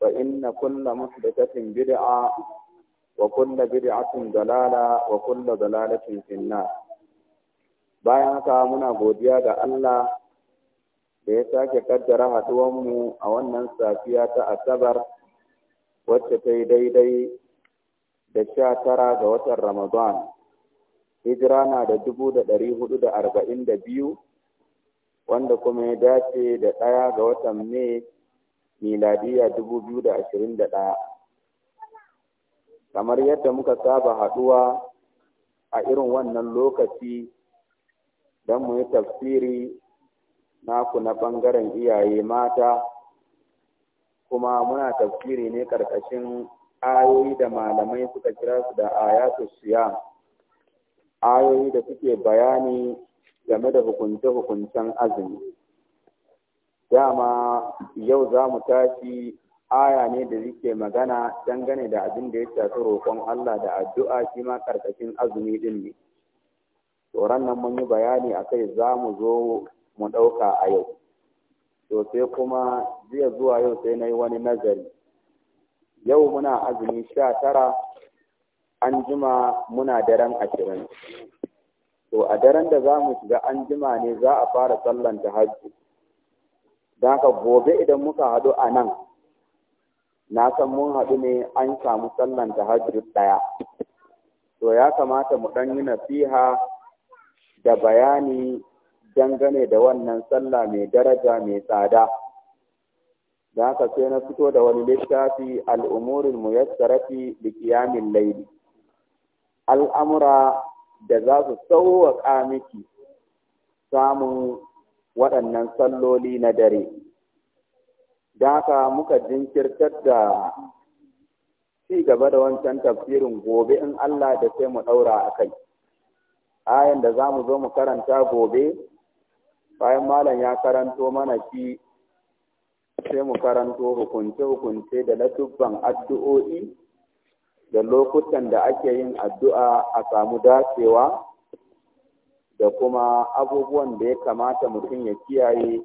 فإن كل محدثة بدعة وكل بدعة ضلالة وكل ضلالة في النار bayan haka muna godiya ga Allah da ya sake kaddara haɗuwanmu a wannan safiya ta asabar wacce ta yi daidai da sha tara ga watan ramadan hijira na da dubu da ɗari hudu da arba'in da biyu wanda kuma ya dace da ɗaya ga watan mai da da ɗaya. kamar yadda muka saba haɗuwa a irin wannan lokaci don mu yi tafsiri naku na ɓangaren iyaye mata kuma muna tafsiri ne ƙarƙashin ayoyi da malamai suka kira su da ayatul siya ayoyi da suke bayani game da hukunce-hukuncen azumi dama yau za mu tashi aya ne da zike magana dangane da abin da ya shafi roƙon Allah da addu'a shi ma ƙarƙashin azumi ɗin ne. Tsoron nan mun yi bayani a kai za mu zo mu ɗauka a yau. To sai kuma jiya zuwa yau sai na yi wani nazari. Yau muna azumi sha tara, an jima muna daren ashirin. To a daren da za mu shiga an jima ne za a fara sallan ta hajji. da haka gobe idan muka haɗu a nan na san mun haɗu ne an samu sallan hajji ɗaya to ya kamata mu ɗan yi nasiha da bayani dangane da wannan sallah mai daraja mai tsada don haka sai na fito da wani littafi al'umurin yassarafi da kiyamin laili al'amura da za su sauwaƙa miki samun waɗannan salloli na dare. Da haka muka jinkirtar da ci gaba da wancan tafsirin gobe in Allah da sai mu ɗaura a kai. Ayan da za mu zo mu karanta gobe, bayan malam ya karanto mana shi sai mu karanto hukunce-hukunce da latubban addu'o'i da lokutan da ake yin addu'a a samu dacewa. da kuma abubuwan da ya kamata mutum ya kiyaye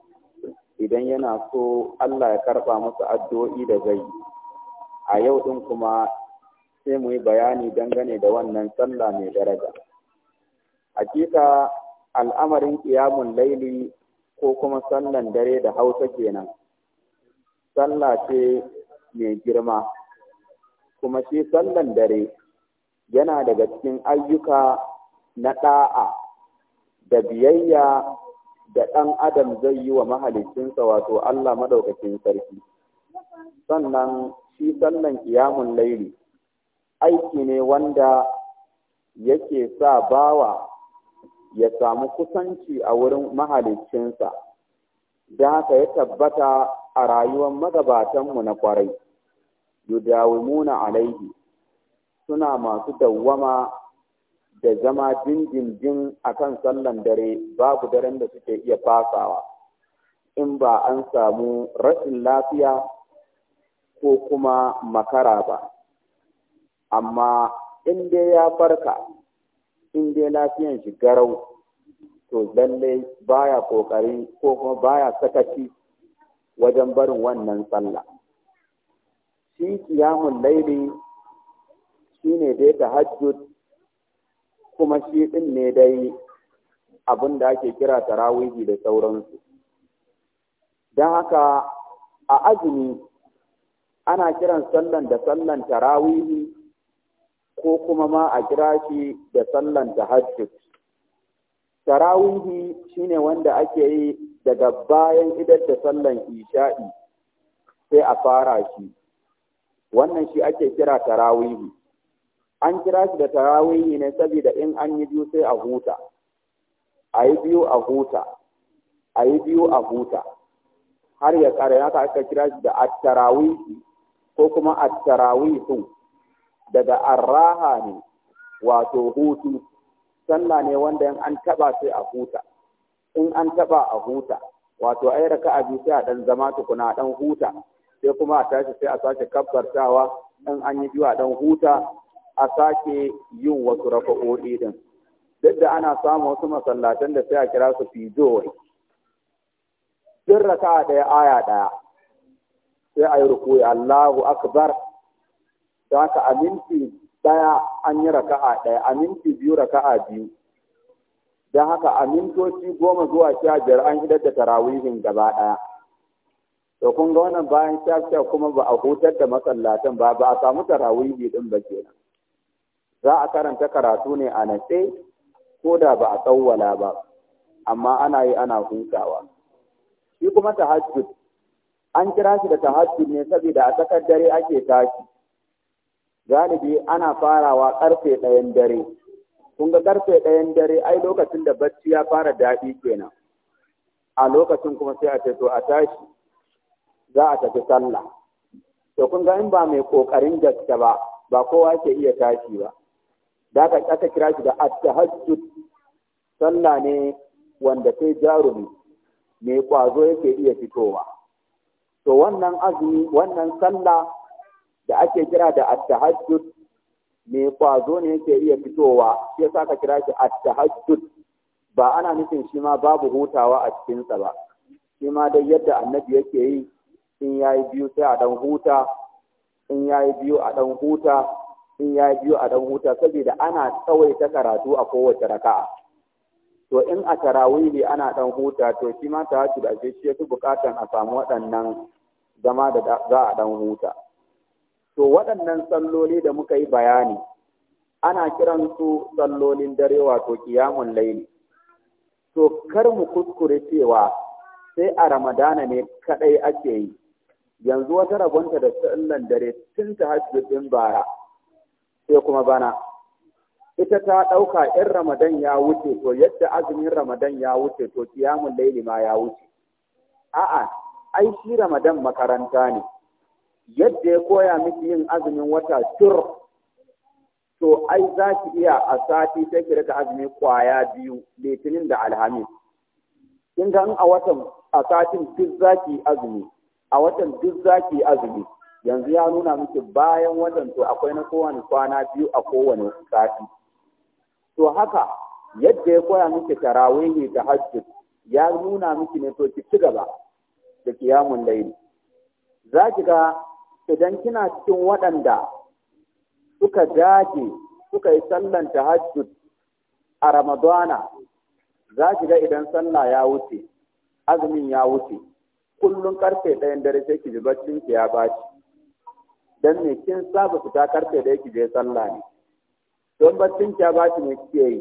idan yana so Allah ya karɓa masa addu'o'i da zai a yau ɗin kuma sai mu yi bayani dangane da wannan sallah mai daraja. Hakika al'amarin ƙiyamun laili ko kuma sallan dare da hausa kenan. Sallah ce mai girma, kuma shi sallan dare yana daga cikin ayyuka na ɗa'a da biyayya da ɗan adam zai yi wa mahalicinsa wato Allah maɗaukacin sarki sannan shi sallan kiyamun laili aiki ne wanda yake sa bawa ya samu kusanci a wurin mahalicinsa da haka ya tabbata a rayuwar magabatanmu na kwarai yudawimuna alaihi suna masu dawwama da zama jinjinjin a kan sallan dare babu daren da suke iya fasawa in ba an samu rashin lafiya ko kuma makara ba amma in dai ya farka in dai lafiyan shi garau to lallai baya kokari ko kuma baya sakaci wajen barin wannan sallah shi kiyamun laili shine dai tahajjud kuma shi ɗin ne dai abin da ake kira tarawihi da sauransu don haka a azumi ana kiran sallan da sallan tarawihi ko kuma ma a kira shi da sallan tahajjud tarawihi shine wanda ake yi daga bayan idar da sallan isha'i sai a fara shi wannan shi ake kira tarawihi an kira shi da tarawihi ne saboda in an yi biyu sai a huta a yi biyu a huta a yi biyu a huta har ya kare ka aka kira shi da at-tarawihi ko kuma at-tarawihu daga arraha ne wato hutu sallah ne wanda in an taba sai a huta in an taba a huta wato ai a biyu sai a ɗan zama tukuna a dan huta sai kuma a tashi sai a sake kabbartawa in an yi biyu a dan huta a sake yin wasu rafa'o'i din duk da ana samun wasu masallatan da sai a kira su wai. sirra ka ɗaya aya ɗaya sai a yi Allahu akbar don haka a ɗaya an yi raka'a ɗaya a biyu raka'a biyu don haka a goma zuwa sha biyar an hidar da tarawihin gaba ɗaya to kun ga wannan bayan sha kuma ba a hutar da masallatan ba ba a samu tarawihi din ba kenan za a karanta karatu ne a natse ko da ba a tsawwala ba amma ana yi ana hutawa shi kuma tahajjud an kira shi da tahajjud ne saboda a tsakar dare ake tashi galibi ana farawa karfe ɗayan dare kun ga karfe ɗayan dare ai lokacin da bacci ya fara daɗi kenan a lokacin kuma sai a ce to a tashi za a tafi sallah to kun ga in ba mai ƙoƙarin gaske ba ba kowa ke iya tashi ba da aka aka kira shi da at-tahajjud sallah ne wanda sai jarumi me kwazo yake iya fitowa to wannan azumi wannan sallah da ake kira da at-tahajjud mai kwazo ne yake iya fitowa sai saka kira shi at-tahajjud ba ana nufin shi ma babu hutawa a cikinsa ba shi ma dai yadda annabi yake yi in yayi biyu sai a dan huta in yayi biyu a dan huta in ya biyo a dan huta saboda ana tsawaita karatu a kowace raka'a to in a tarawiri ana dan huta to shi ma ta tahajjud a shi fi bukatan a samu waɗannan zama da za a dan huta to waɗannan salloli da muka yi bayani ana kiran su sallolin dare wato kiyamun laili to kar mu kuskure cewa sai a ramadana ne kaɗai ake yi yanzu wata rabonta da sallan dare tun ta din bara sai kuma bana ita ta ɗauka in ramadan ya wuce to yadda azumin ramadan ya wuce to kiyamun laili ma ya wuce a'a ai shi ramadan makaranta ne yadda ya koya miki yin azumin wata tur to ai za ki iya a sati sai ki rika azumi kwaya biyu litinin da alhamis kin ga a watan a satin duk zaki azumi a watan duk zaki azumi yanzu ya nuna miki bayan watan to akwai na kowane kwana biyu a kowane sati to haka yadda ya koya miki ne ta hajji ya nuna miki ne to ki ci gaba da kiyamun laili za ki ga idan kina cikin waɗanda suka dace suka yi sallan tahajjud a ramadana za ki ga idan sallah ya wuce azumin ya wuce kullum karfe ɗayan dare sai ki ji baccin ki ya baci dan me kin saba fita karfe da yake je sallah ne don baccin kya ba shi ne kike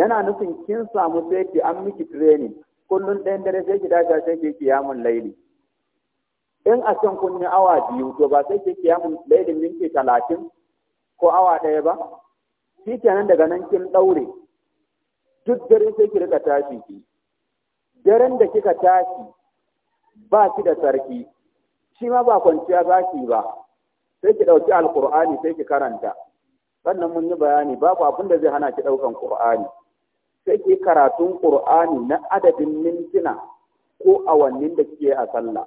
yana nufin kin samu sai ki an miki training kullun ɗayan dare sai ki dace sai ki kiyamun laili in a can kun yi awa biyu to ba sai ki kiyamun min minti talatin ko awa ɗaya ba shi kenan daga nan kin ɗaure duk dare sai ki rika tashi ki daren da kika tashi ba ki da sarki shi ma ba kwanciya za ki ba sai ki ɗauki alkur'ani sai ki karanta sannan mun yi bayani babu abin da zai hana ki ɗaukan ƙur'ani sai ki karatun ƙur'ani na adadin mintuna ko awannin da kike a sallah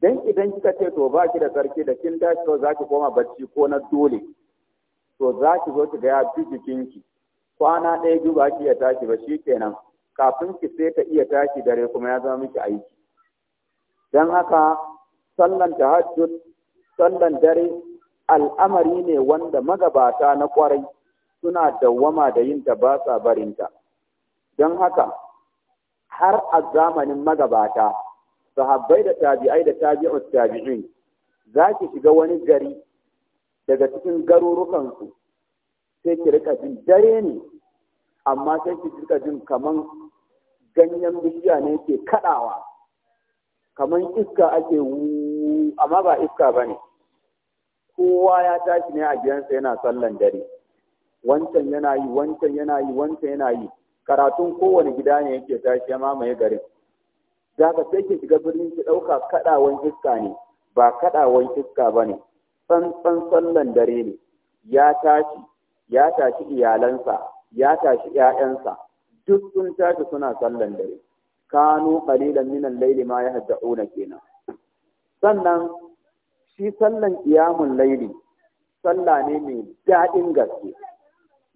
dan idan kika ce to ba ki da sarki da kin tashi to zaki ki koma barci ko na dole to za ki zo ki ga ya jikin jikinki kwana ɗaya biyu ba ki iya tashi ba shi kenan kafin ki sai ta iya tashi dare kuma ya zama miki aiki dan haka sallan tahajjud sallan dare al'amari ne wanda magabata na kwarai suna dawwama da yin ta ba sa barinta don haka har a zamanin magabata sahabbai da tabi'ai da tabi'u tabi'in za ki shiga wani gari daga cikin garurukansu sai ki rika jin dare ne amma sai ki rika jin kaman ganyen bishiya ne ke kadawa kamar iska ake wu amma ba iska ba ne kowa ya tashi ne a gidansa yana sallan dare wancan yana yi wancan yana yi wancan yana yi karatun kowane gida ne yake tashi ya mamaye garin za ka sai ki shiga birnin ki ɗauka kaɗawan iska ne ba kaɗawan iska ba ne tsantsan sallan dare ne ya tashi ya tashi iyalansa ya tashi ‘ya'yansa duk sun tashi suna sallan dare kanu qalilan min al-layli ma yahdauna kenan sannan shi sallan qiyamul laili salla ne mai daɗin gaske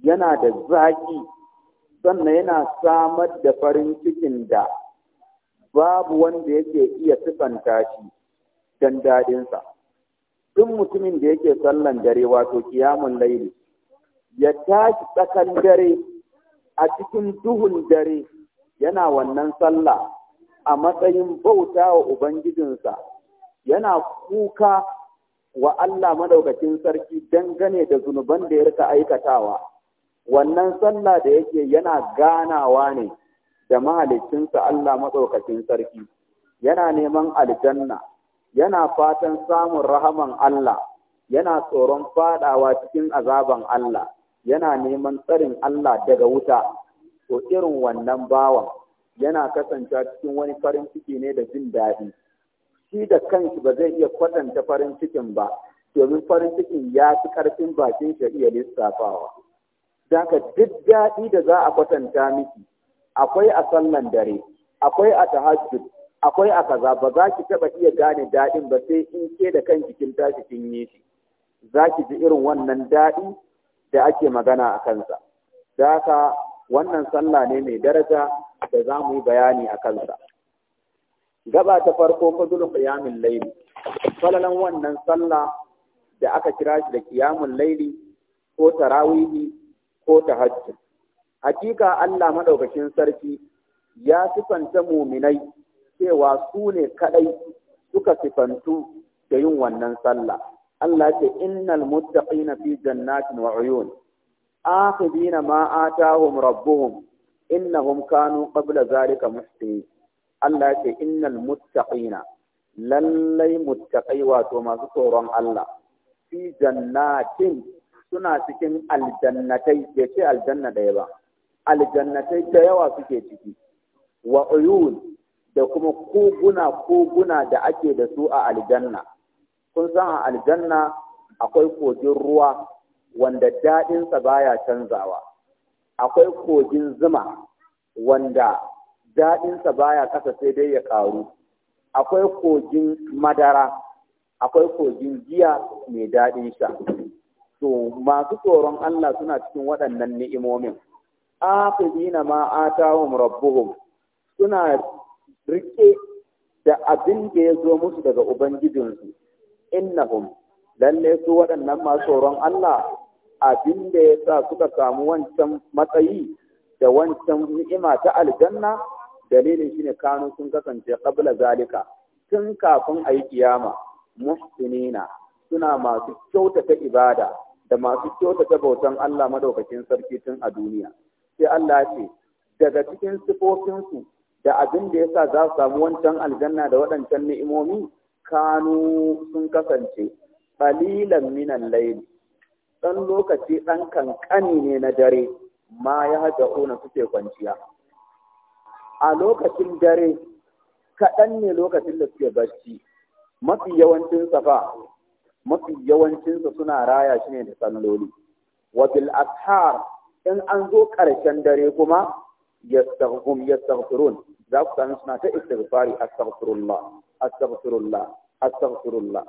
yana da zaƙi sannan yana samar da farin cikin da babu wanda yake iya sifanta shi don daɗinsa. Duk mutumin da yake sallan dare wato kiyamun laili, ya tashi tsakan dare a cikin duhun dare yana wannan sallah a matsayin bauta wa Ubangijinsa, yana kuka wa Allah madaukakin sarki dangane da zunuban da ya rika aikatawa, wannan sallah da yake yana ganawa ne da mahalicinsa Allah madaukakin sarki, yana neman aljanna, yana fatan samun rahaman Allah, yana tsoron fadawa cikin azaban Allah, yana neman tsarin Allah daga wuta. to irin wannan bawa yana kasancewa cikin wani farin ciki ne da jin daɗi shi da kanshi ba zai iya kwatanta farin cikin ba domin farin cikin ya fi ƙarfin bakin shi iya lissafawa ka duk daɗi da za a kwatanta miki akwai a sallan dare akwai a tahajjud akwai a kaza ba za ki taɓa iya gane daɗin ba sai in ke da kanki kin tashi kin yi shi za ki ji irin wannan daɗi da ake magana a kansa Daka wannan sallah ne mai daraja da za mu yi bayani a kansa gaba ta farko fadlul qiyamul laili, falalan wannan sallah da aka kira shi da ƙiyamun laili ko tarawihi ko ta hajji. hakika Allah Maɗaukakin sarki ya sifanta muminai cewa su ne kaɗai suka sifantu da yin wannan sallah Allah ce innal muttaqina fi jannatin wa uyun akhidina ma atahum rabbuhum innahum kanu qabla zalika muhsinin Allah ce innal muttaqina lallai muttaqai wato masu tsoron Allah fi jannatin suna cikin aljannatai ke ce aljanna ɗaya ba aljannatai ta yawa suke ciki wa da kuma koguna koguna da ake da su a aljanna kun san a aljanna akwai kogin ruwa wanda daɗinsa baya canzawa akwai kogin zuma wanda daɗinsa baya ƙasa sai dai ya ƙaru akwai kogin madara akwai kogin giya mai daɗin sha to masu tsoron Allah suna cikin waɗannan ni'imomin afidina ma atahum rabbuhum suna rike da abin da ya zo musu daga ubangijinsu innahum lalle su waɗannan masu tsoron Allah abin da ya sa suka samu wancan matsayi da wancan ni'ima ta aljanna dalilin shine kanu sun kasance kabla zalika tun kafin a yi kiyama muhsinina suna masu kyautata ibada da masu kyautata bautan Allah madaukakin sarki tun a duniya sai Allah ce daga cikin sifofinsu da abin da yasa za su samu wancan aljanna da waɗancan ni'imomi kanu sun kasance qalilan minan layli ɗan lokaci ɗan kankani ne na dare ma ya haɗa ƙuna suke kwanciya a lokacin dare kaɗan ne lokacin da suke barci mafi yawancin safa mafi yawancinsa suna raya shi ne da salloli wabil bil in an zo ƙarshen dare kuma yastaghfirun yastaghfirun za ku sami suna ta istighfari astaghfirullah astaghfirullah astaghfirullah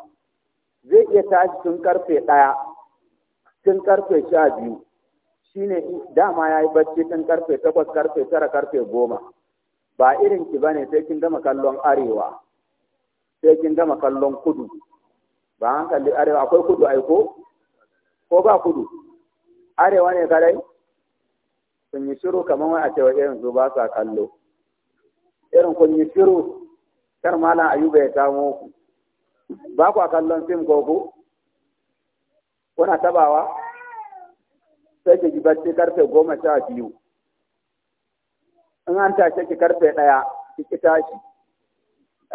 zai iya tashi tun karfe ɗaya tun karfe sha biyu shi ne dama ya yi bacci tun karfe takwas karfe tara karfe goma ba irin ki bane sai kin gama kallon arewa sai kin gama kallon kudu ba an kalli arewa akwai kudu aiko ko ba kudu arewa ne kadai kun yi shiru kamar wani a cewa irin su ba sa kallo irin kun yi shiru kar malam ayuba ya samu ku ba ku a kallon fim ko ku kuna tabawa sai ki bacci karfe goma sha biyu in an tashe ki karfe ɗaya ki ki tashi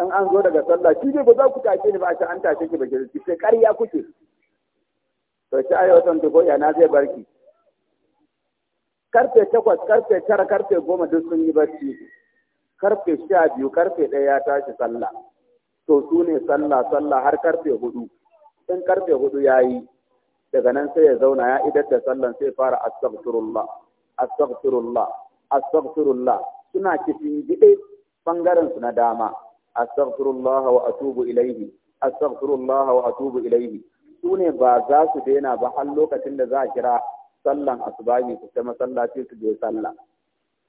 in an zo daga sallah shi ne ba za ku tashe ni ba a an tashe ki ba ki sai ƙarya kuke to shi ayo san ko yana zai barki karfe takwas karfe tara karfe goma duk sun yi barci karfe sha biyu karfe ɗaya ya tashi sallah to su ne sallah sallah har karfe hudu in karfe hudu ya yi daga nan sai ya zauna ya idar da sallan sai fara astaghfirullah astaghfirullah astaghfirullah suna kifin gide bangaren su na dama astaghfirullah wa atubu ilaihi astaghfirullah wa atubu ilaihi su ne ba za su daina ba har lokacin da za a kira sallan asubahi su ta masallaci su je sallah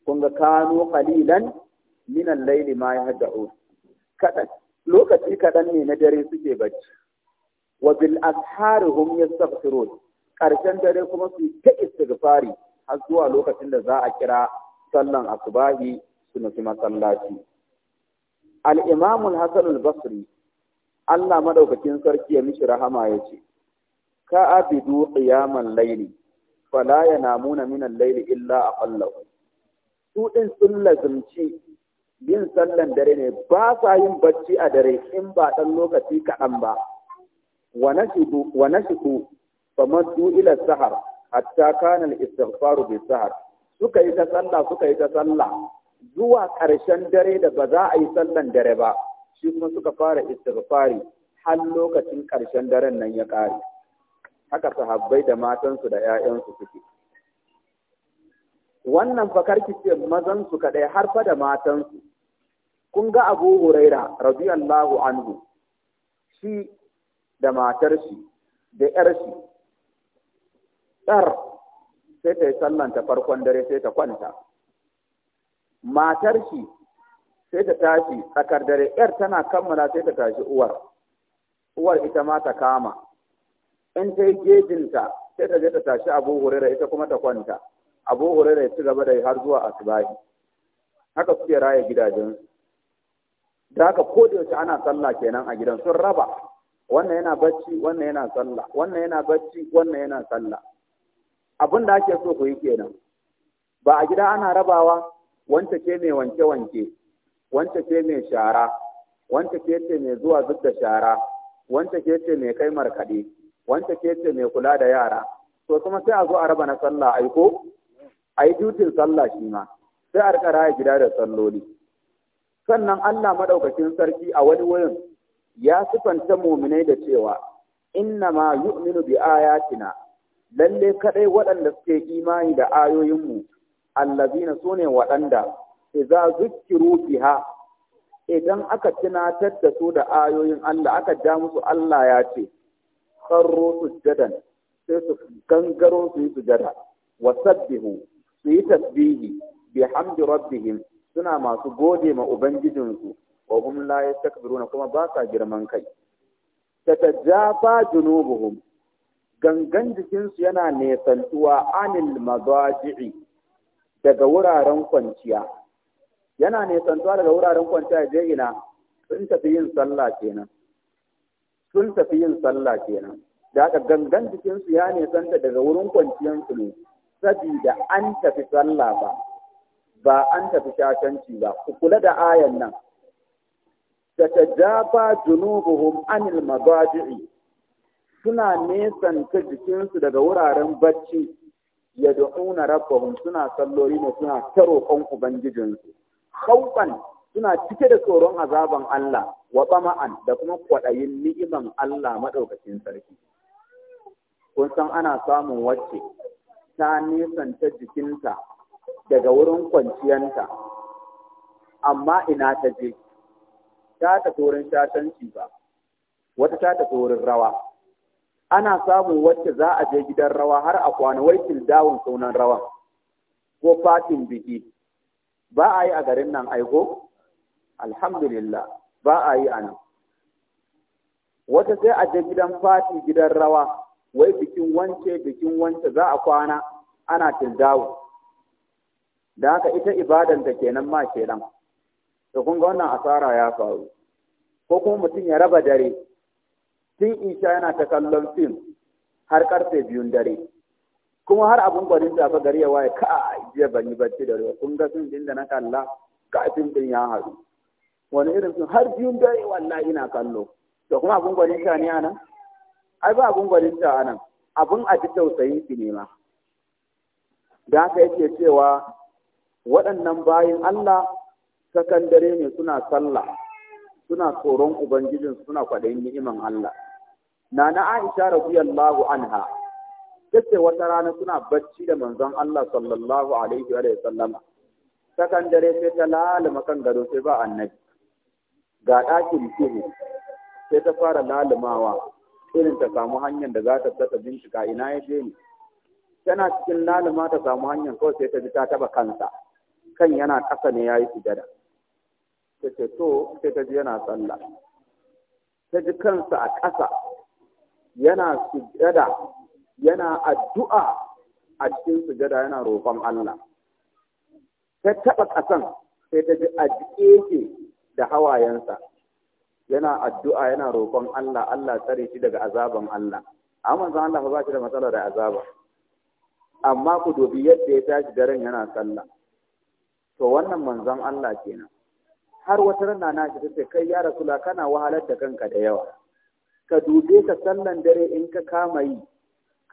kun ga kanu qalilan min al-layli ma yahda'u kadan lokaci kadan ne na dare suke bacci wa bil asharihum yastaghfirun karshen dare kuma su ta istighfari har zuwa lokacin da za a kira sallan asubahi su nufi masallaci al-imam al-hasan al-basri Allah madaukakin sarki ya mishi rahama yace ka abidu qiyamal layli fala yanamuna min al-layli illa aqallahu su din sun lazimci yin sallan dare ne ba sa yin bacci a dare in ba dan lokaci kaɗan ba ونشطوا فمدوا إلى السحر حتى كان الاستغفار بالسحر suka yi ta sallah suka yi ta sallah zuwa ƙarshen dare da ba za a yi sallan dare ba shi kuma suka fara istighfari har lokacin ƙarshen daren nan ya ƙare haka sahabbai da matansu da 'ya'yansu suke wannan fakarki mazan mazansu kaɗai har fa da matansu kun ga abu huraira radiyallahu anhu shi da matar shi da ‘yar shi, ‘yar sai ta yi sallanta farkon dare sai ta kwanta, matar shi sai ta tashi tsakar dare, ‘yar tana kammala sai ta tashi uwar, uwar ita ma ta kama, in ta yi gejinta sai ta je ta tashi abu hurera ita kuma ta kwanta, abu hurera ya ci gaba da har zuwa asibahi. Haka suke raya gidajensu. Da haka ko ana sallah kenan a gidan sun raba wannan yana bacci wannan yana sallah wannan yana bacci wannan yana sallah abin da ake so ku yi kenan ba a gida ana rabawa wanta ke mai wanke-wanke wanta ke mai shara wanta ke ce mai zuwa zub da shara wanta ke ce mai kai markaɗe wanta ke ce mai kula da yara to kuma sai a zo a raba na sallah aiko a yi dutin sallah shi ma sai a rika raya gida da salloli sannan Allah madaukakin sarki a wani wurin ya sifanta muminai da cewa inna ma yu'minu bi ayatina lalle kadai waɗanda suke imani da ayoyinmu allazina sune waɗanda idza zukkiru biha idan aka tunatar da su da ayoyin Allah aka ja musu Allah ya ce kharru sujadan sai su gangaro su yi sujada wa sabbihu su yi tasbihi bihamdi rabbihim suna masu gode ma ubangijinsu wa hum la yastakbiruna kuma ba sa girman kai tatajafa junubuhum gangan jikinsu yana nesantuwa anil madaji'i daga wuraren kwanciya yana nesantuwa daga wuraren kwanciya je ina sun tafi yin sallah kenan sun tafi yin sallah kenan da aka gangan jikinsu ya nesanta daga wurin su ne sabida an tafi sallah ba ba an tafi shashanci ba ku kula da ayan nan tatajafa junubuhum anil mabaji'i suna nesanta jikinsu daga wuraren bacci ya da'una rabbahum suna sallori ne suna ta roƙon ubangijinsu khawfan suna cike da tsoron azaban Allah wa da kuma kwaɗayin ni'iman Allah madaukakin sarki kun san ana samun wacce ta nesanta jikinta daga wurin kwanciyanta amma ina ta je ta tafi wurin shashanci ba wata ta tafi wurin rawa ana samun wacce za a je gidan rawa har a kwana wakil dawon sunan rawan ko fatin biki ba a yi a garin nan aiko alhamdulillah ba a yi a nan wata sai a je gidan fati gidan rawa wai bikin wance bikin wance za a kwana ana tildawo da haka ita ibadanta kenan ma kenan to kun ga wannan asara ya faru ko kuma mutum ya raba dare tun isha yana ta kallon fim har karfe biyun dare kuma har abun gwanin da gari ya waye ka jiya ban yi bacci da ruwa kun ga sun din da na kalla ka fim din ya haru wani irin sun har biyun dare wallahi ina kallo to kuma abun gwanin sha ne anan ai ba abun gwanin sha anan abun a ji tausayin shi ne ma da haka yake cewa waɗannan bayin Allah Sakandare ne suna sallah suna tsoron ubangijin suna kwaɗayin ni'iman Allah nana Aisha radiyallahu anha tace wata rana suna bacci da manzon Allah sallallahu alaihi wa sallam sakan sai ta lalama kan gado sai ba annabi ga ɗakin duhu sai ta fara lalumawa irin ta samu hanyar da za ta saka bincika ina ya je ni tana cikin lalima ta samu hanyar kawai sai ta ji ta taba kansa kan yana ƙasa ne ya yi sujada ta ce to sai ta ji yana sallah ta ji kansa a ƙasa yana sujada yana addu'a a cikin sujada yana roƙon Allah ta taɓa ƙasan sai ta ji a jike da hawayensa yana addu'a yana roƙon Allah Allah tsare shi daga azaban Allah amma zan Allah ba shi da matsala da azaba amma ku dubi yadda ya tashi daren yana sallah to wannan manzon Allah kenan har wata rana na shi sai kai ya rasula kana wahalar da kanka da yawa ka dube ka sallan dare in ka kama yi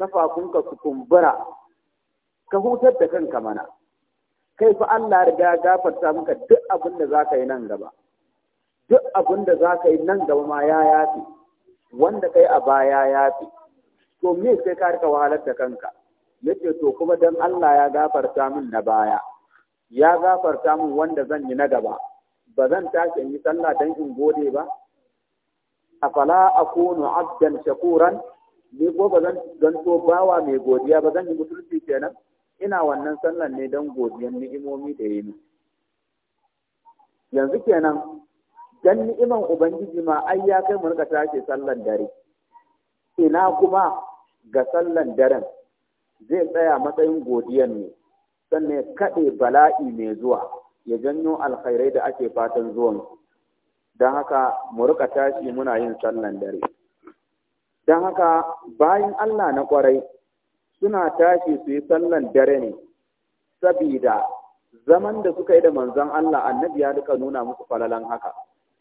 kafafunka su kumbura ka hutar da kanka mana kai fa Allah riga gafarta maka duk abin da zaka yi nan gaba duk abin da zaka yi nan gaba ma ya yafi wanda kai a baya yafi to me sai ka rika wahalar da kanka yace to kuma dan Allah ya gafarta min na baya ya gafarta min wanda zan yi na gaba ba zan tashi yi sallah dan in gode ba afala akunu abdan shakuran ni ko ba zan ganto bawa mai godiya ba zan yi mutunci kenan ina wannan sallan ne dan godiyan ni'imomi da yi yanzu kenan dan ni'iman ubangiji ma ai ya kai mu rika tashi sallan dare ina kuma ga sallan daren zai tsaya matsayin godiyan ne sannan kaɗe bala'i mai zuwa ya janyo alkhairai da ake fatan zuwan don haka mu rika tashi muna yin sallan dare don haka bayan Allah na kwarai suna tashi su yi sallan dare ne sabida zaman da suka yi da manzon Allah annabi ya duka nuna musu falalan haka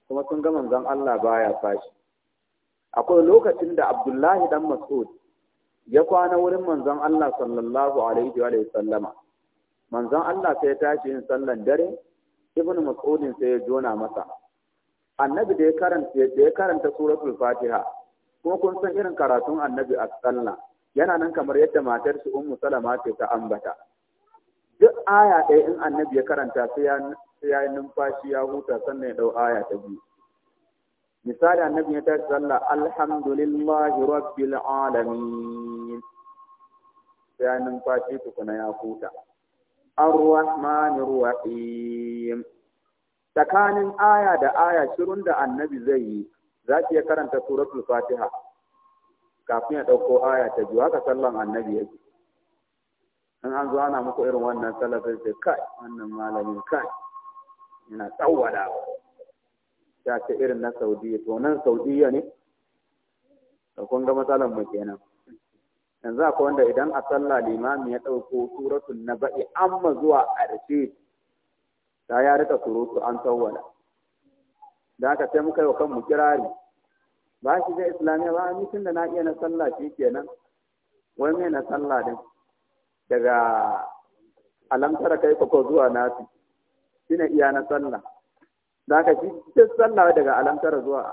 kuma sun ga manzon Allah baya fashi akwai lokacin da Abdullahi dan Mas'ud ya kwana wurin manzon Allah sallallahu alaihi wa sallama manzon Allah sai ya tashi yin sallan dare ibn mas'udin sai ya jona masa annabi da ya karanta da ya karanta suratul fatiha kuma kun san irin karatun annabi a sallah yana nan kamar yadda matar shi ummu salama ce ta ambata duk aya ɗaya in annabi ya karanta sai ya sai ya numfashi ya huta sannan ya dau aya ta biyu misali annabi ya tashi sallah alhamdulillahi rabbil alamin sai ya numfashi tukuna ya huta ar-rahmanir rahim tsakanin aya da aya shirun da annabi zai yi za ki iya karanta suratul fatiha kafin ya dauko aya ta biyu haka sallan annabi yake in an zo ana muku irin wannan sallar sai kai wannan malamin kai yana tsawwala ta ce irin na saudiya to nan saudiya ne da kun ga matsalar mu kenan yanzu akwai wanda idan a sallah limami ya ɗauko suratun na ba'i amma zuwa ƙarshe ta ya rika surutu an tawwala da aka sai muka yi wa kanmu kirari ba shi da islamiyya ba ni tun da na iya na sallah shi kenan wai mai na sallah din daga alamtar kai kwakwa zuwa nasu shi na iya na sallah da aka shi duk sallah daga alamtar zuwa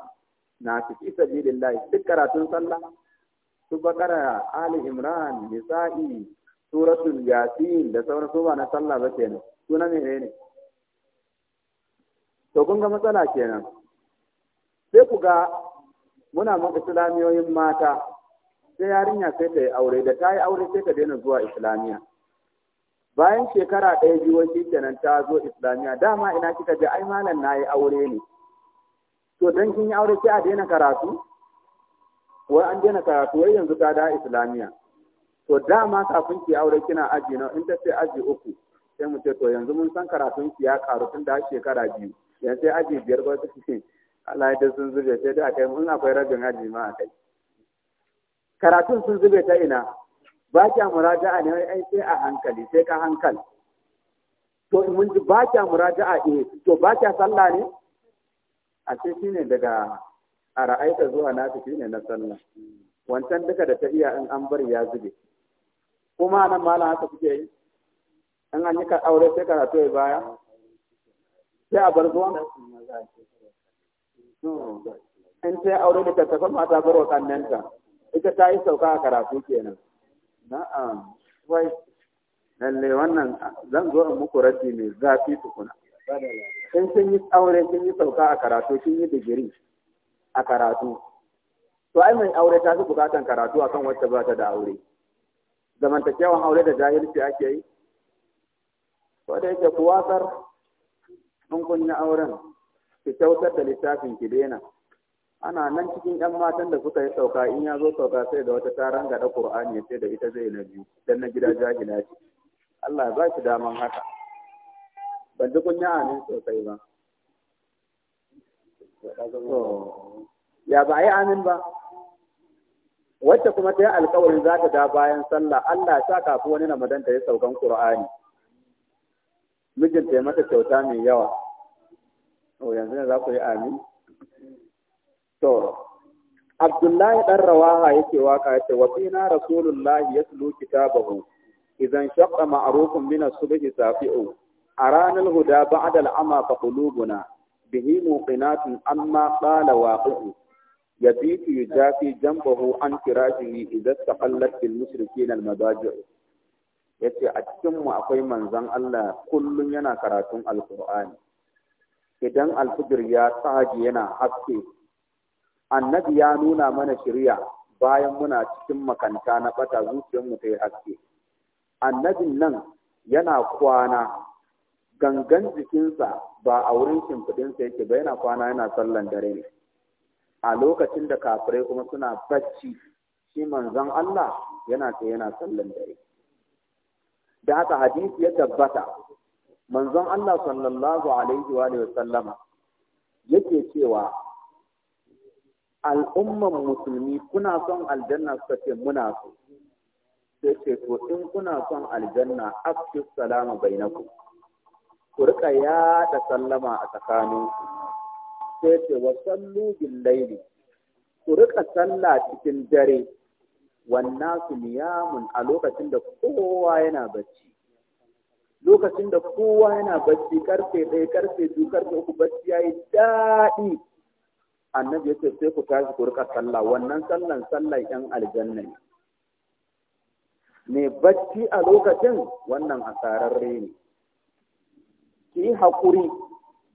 nasu fi sabilillah duk karatun sallah su bakara ali imran nisa'i suratul yasin da sauran su ba na sallah ba kenan suna ne to kun ga matsala kenan sai ku ga muna ma islamiyoyin mata sai yarinya sai ta yi aure da ta yi aure sai ta daina zuwa islamiya bayan shekara ɗaya biyu shi kenan ta zo islamiya dama ina kika je ai malam na yi aure ne to dan kin yi aure sai a daina karatu wai an daina karatu wai yanzu ta da Islamiya. to dama kafin ki aure kina aji na in ta ce aji uku sai mu ce to yanzu mun san karatun ki ya karu tun da shekara biyu yanzu sai aji biyar ba ta ce Allah ya sun zube sai da akai mun akwai rabin aji ma akai karatun sun zube ta ina ba kya muraja'a ne ai sai a hankali sai ka hankal. to mun ji ba kya muraja'a eh to ba kya sallah ne a ce shine daga a ra'aita zuwa nafi shine na sallah wancan duka da ta iya in an bari ya zube kuma nan malam haka kuke yi in an yi ka aure sai karatu ya baya sai a bar zuwa in sai aure da tattafan mata barwa kannanta ita ta yi sauka a karatu kenan na'am wai lalle wannan zan zo in muku raddi mai zafi tukuna in sun yi aure sun yi sauka a karatu sun yi digiri a karatu to ai mai aure ta fi bukatan karatu akan wacce ba ta da aure zamantakewan aure da jahilci ake yi ko da yake ku in kun auren ki kyautar da littafin ki daina ana nan cikin yan matan da suka yi sauka in ya zo sauka sai da wata taron gada Kur'ani ya ce da ita zai na biyu don na gida jahila ce Allah ba shi daman haka ban ji kun yi sosai ba ya ba yi amin ba wacce kuma ta yi alkawarin za ta da bayan sallah Allah ta kafi wani ramadan ta yi saukan Kur'ani. mijinta ya mata kyauta mai yawa o yanzu ne za ku yi amin to Abdullahi dan Rawaha yake waka yace wa fina Rasulullahi yatlu kitabahu idan shaqqa ma'rufun min as-subhi safi'u aranal huda ba'da al-ama fa qulubuna bihi muqinatun amma qala waqi'u yabitu yujafi jambahu an firashihi idza taqallat bil mushrikeena yace a cikin mu akwai manzon Allah kullum yana karatun alkur'ani idan alfijir ya tsage yana haske annabi ya nuna mana shirya bayan muna cikin makanta na bata zuciyarmu ta yi haske annabin nan yana kwana gangan jikinsa ba a wurin shimfiɗinsa yake ba yana kwana yana sallan dare ne a lokacin da kafirai kuma suna bacci shi manzon Allah yana tsaye yana sallan dare da haka hadisi ya tabbata manzon Allah sallallahu alaihi wa sallama yake cewa al'umman musulmi kuna son aljanna suka ce muna so sai ce to in kuna son aljanna afshis salama bainakum ku riƙa yaɗa sallama a tsakaninku sai ce wa sallu bil laili ku riƙa sallah cikin dare wannan su niyamun a lokacin da kowa yana bacci lokacin da kowa yana bacci karfe ɗaya karfe biyu karfe uku bacci ya yi daɗi annabi ya ce, sai ku tashi ku riƙa sallah wannan sallan sallan ƴan aljanna ne Me bacci a lokacin wannan asararre ne ki yi haƙuri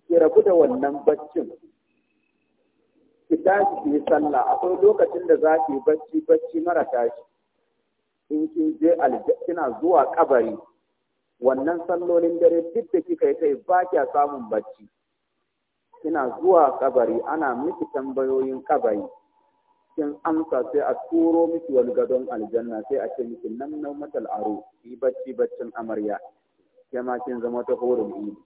ki rabu da wannan baccin ki tashi ki yi sallah akwai lokacin da za ki yi bacci bacci mara tashi in kin je kina zuwa kabari wannan sallolin dare duk da kika yi kai ba kya samun bacci kina zuwa ƙabari. ana miki tambayoyin kabari kin amsa sai a turo miki wani gadon aljanna sai a ce miki nan nan matal aro yi bacci baccin amarya ke kin zama ta horin ibi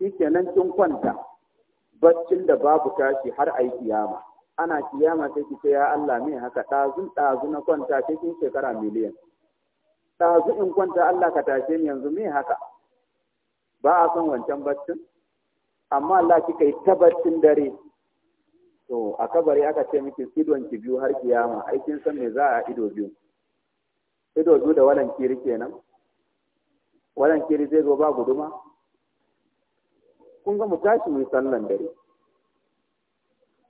kenan kin kwanta baccin da babu tashi har a yi kiyama ana kiyama sai ki ce ya Allah me haka ɗazun ɗazu na kwanta cikin shekara miliyan ɗazu in kwanta Allah ka tashe ni yanzu me haka ba a son wancan baccin amma Allah kika yi ta baccin dare to a kabari aka ce miki idon ki biyu har kiyama ai kin san me za a ido biyu ido biyu da walan kiri kenan walan kiri zai zo ba guduma kun ga mu tashi mu sallan dare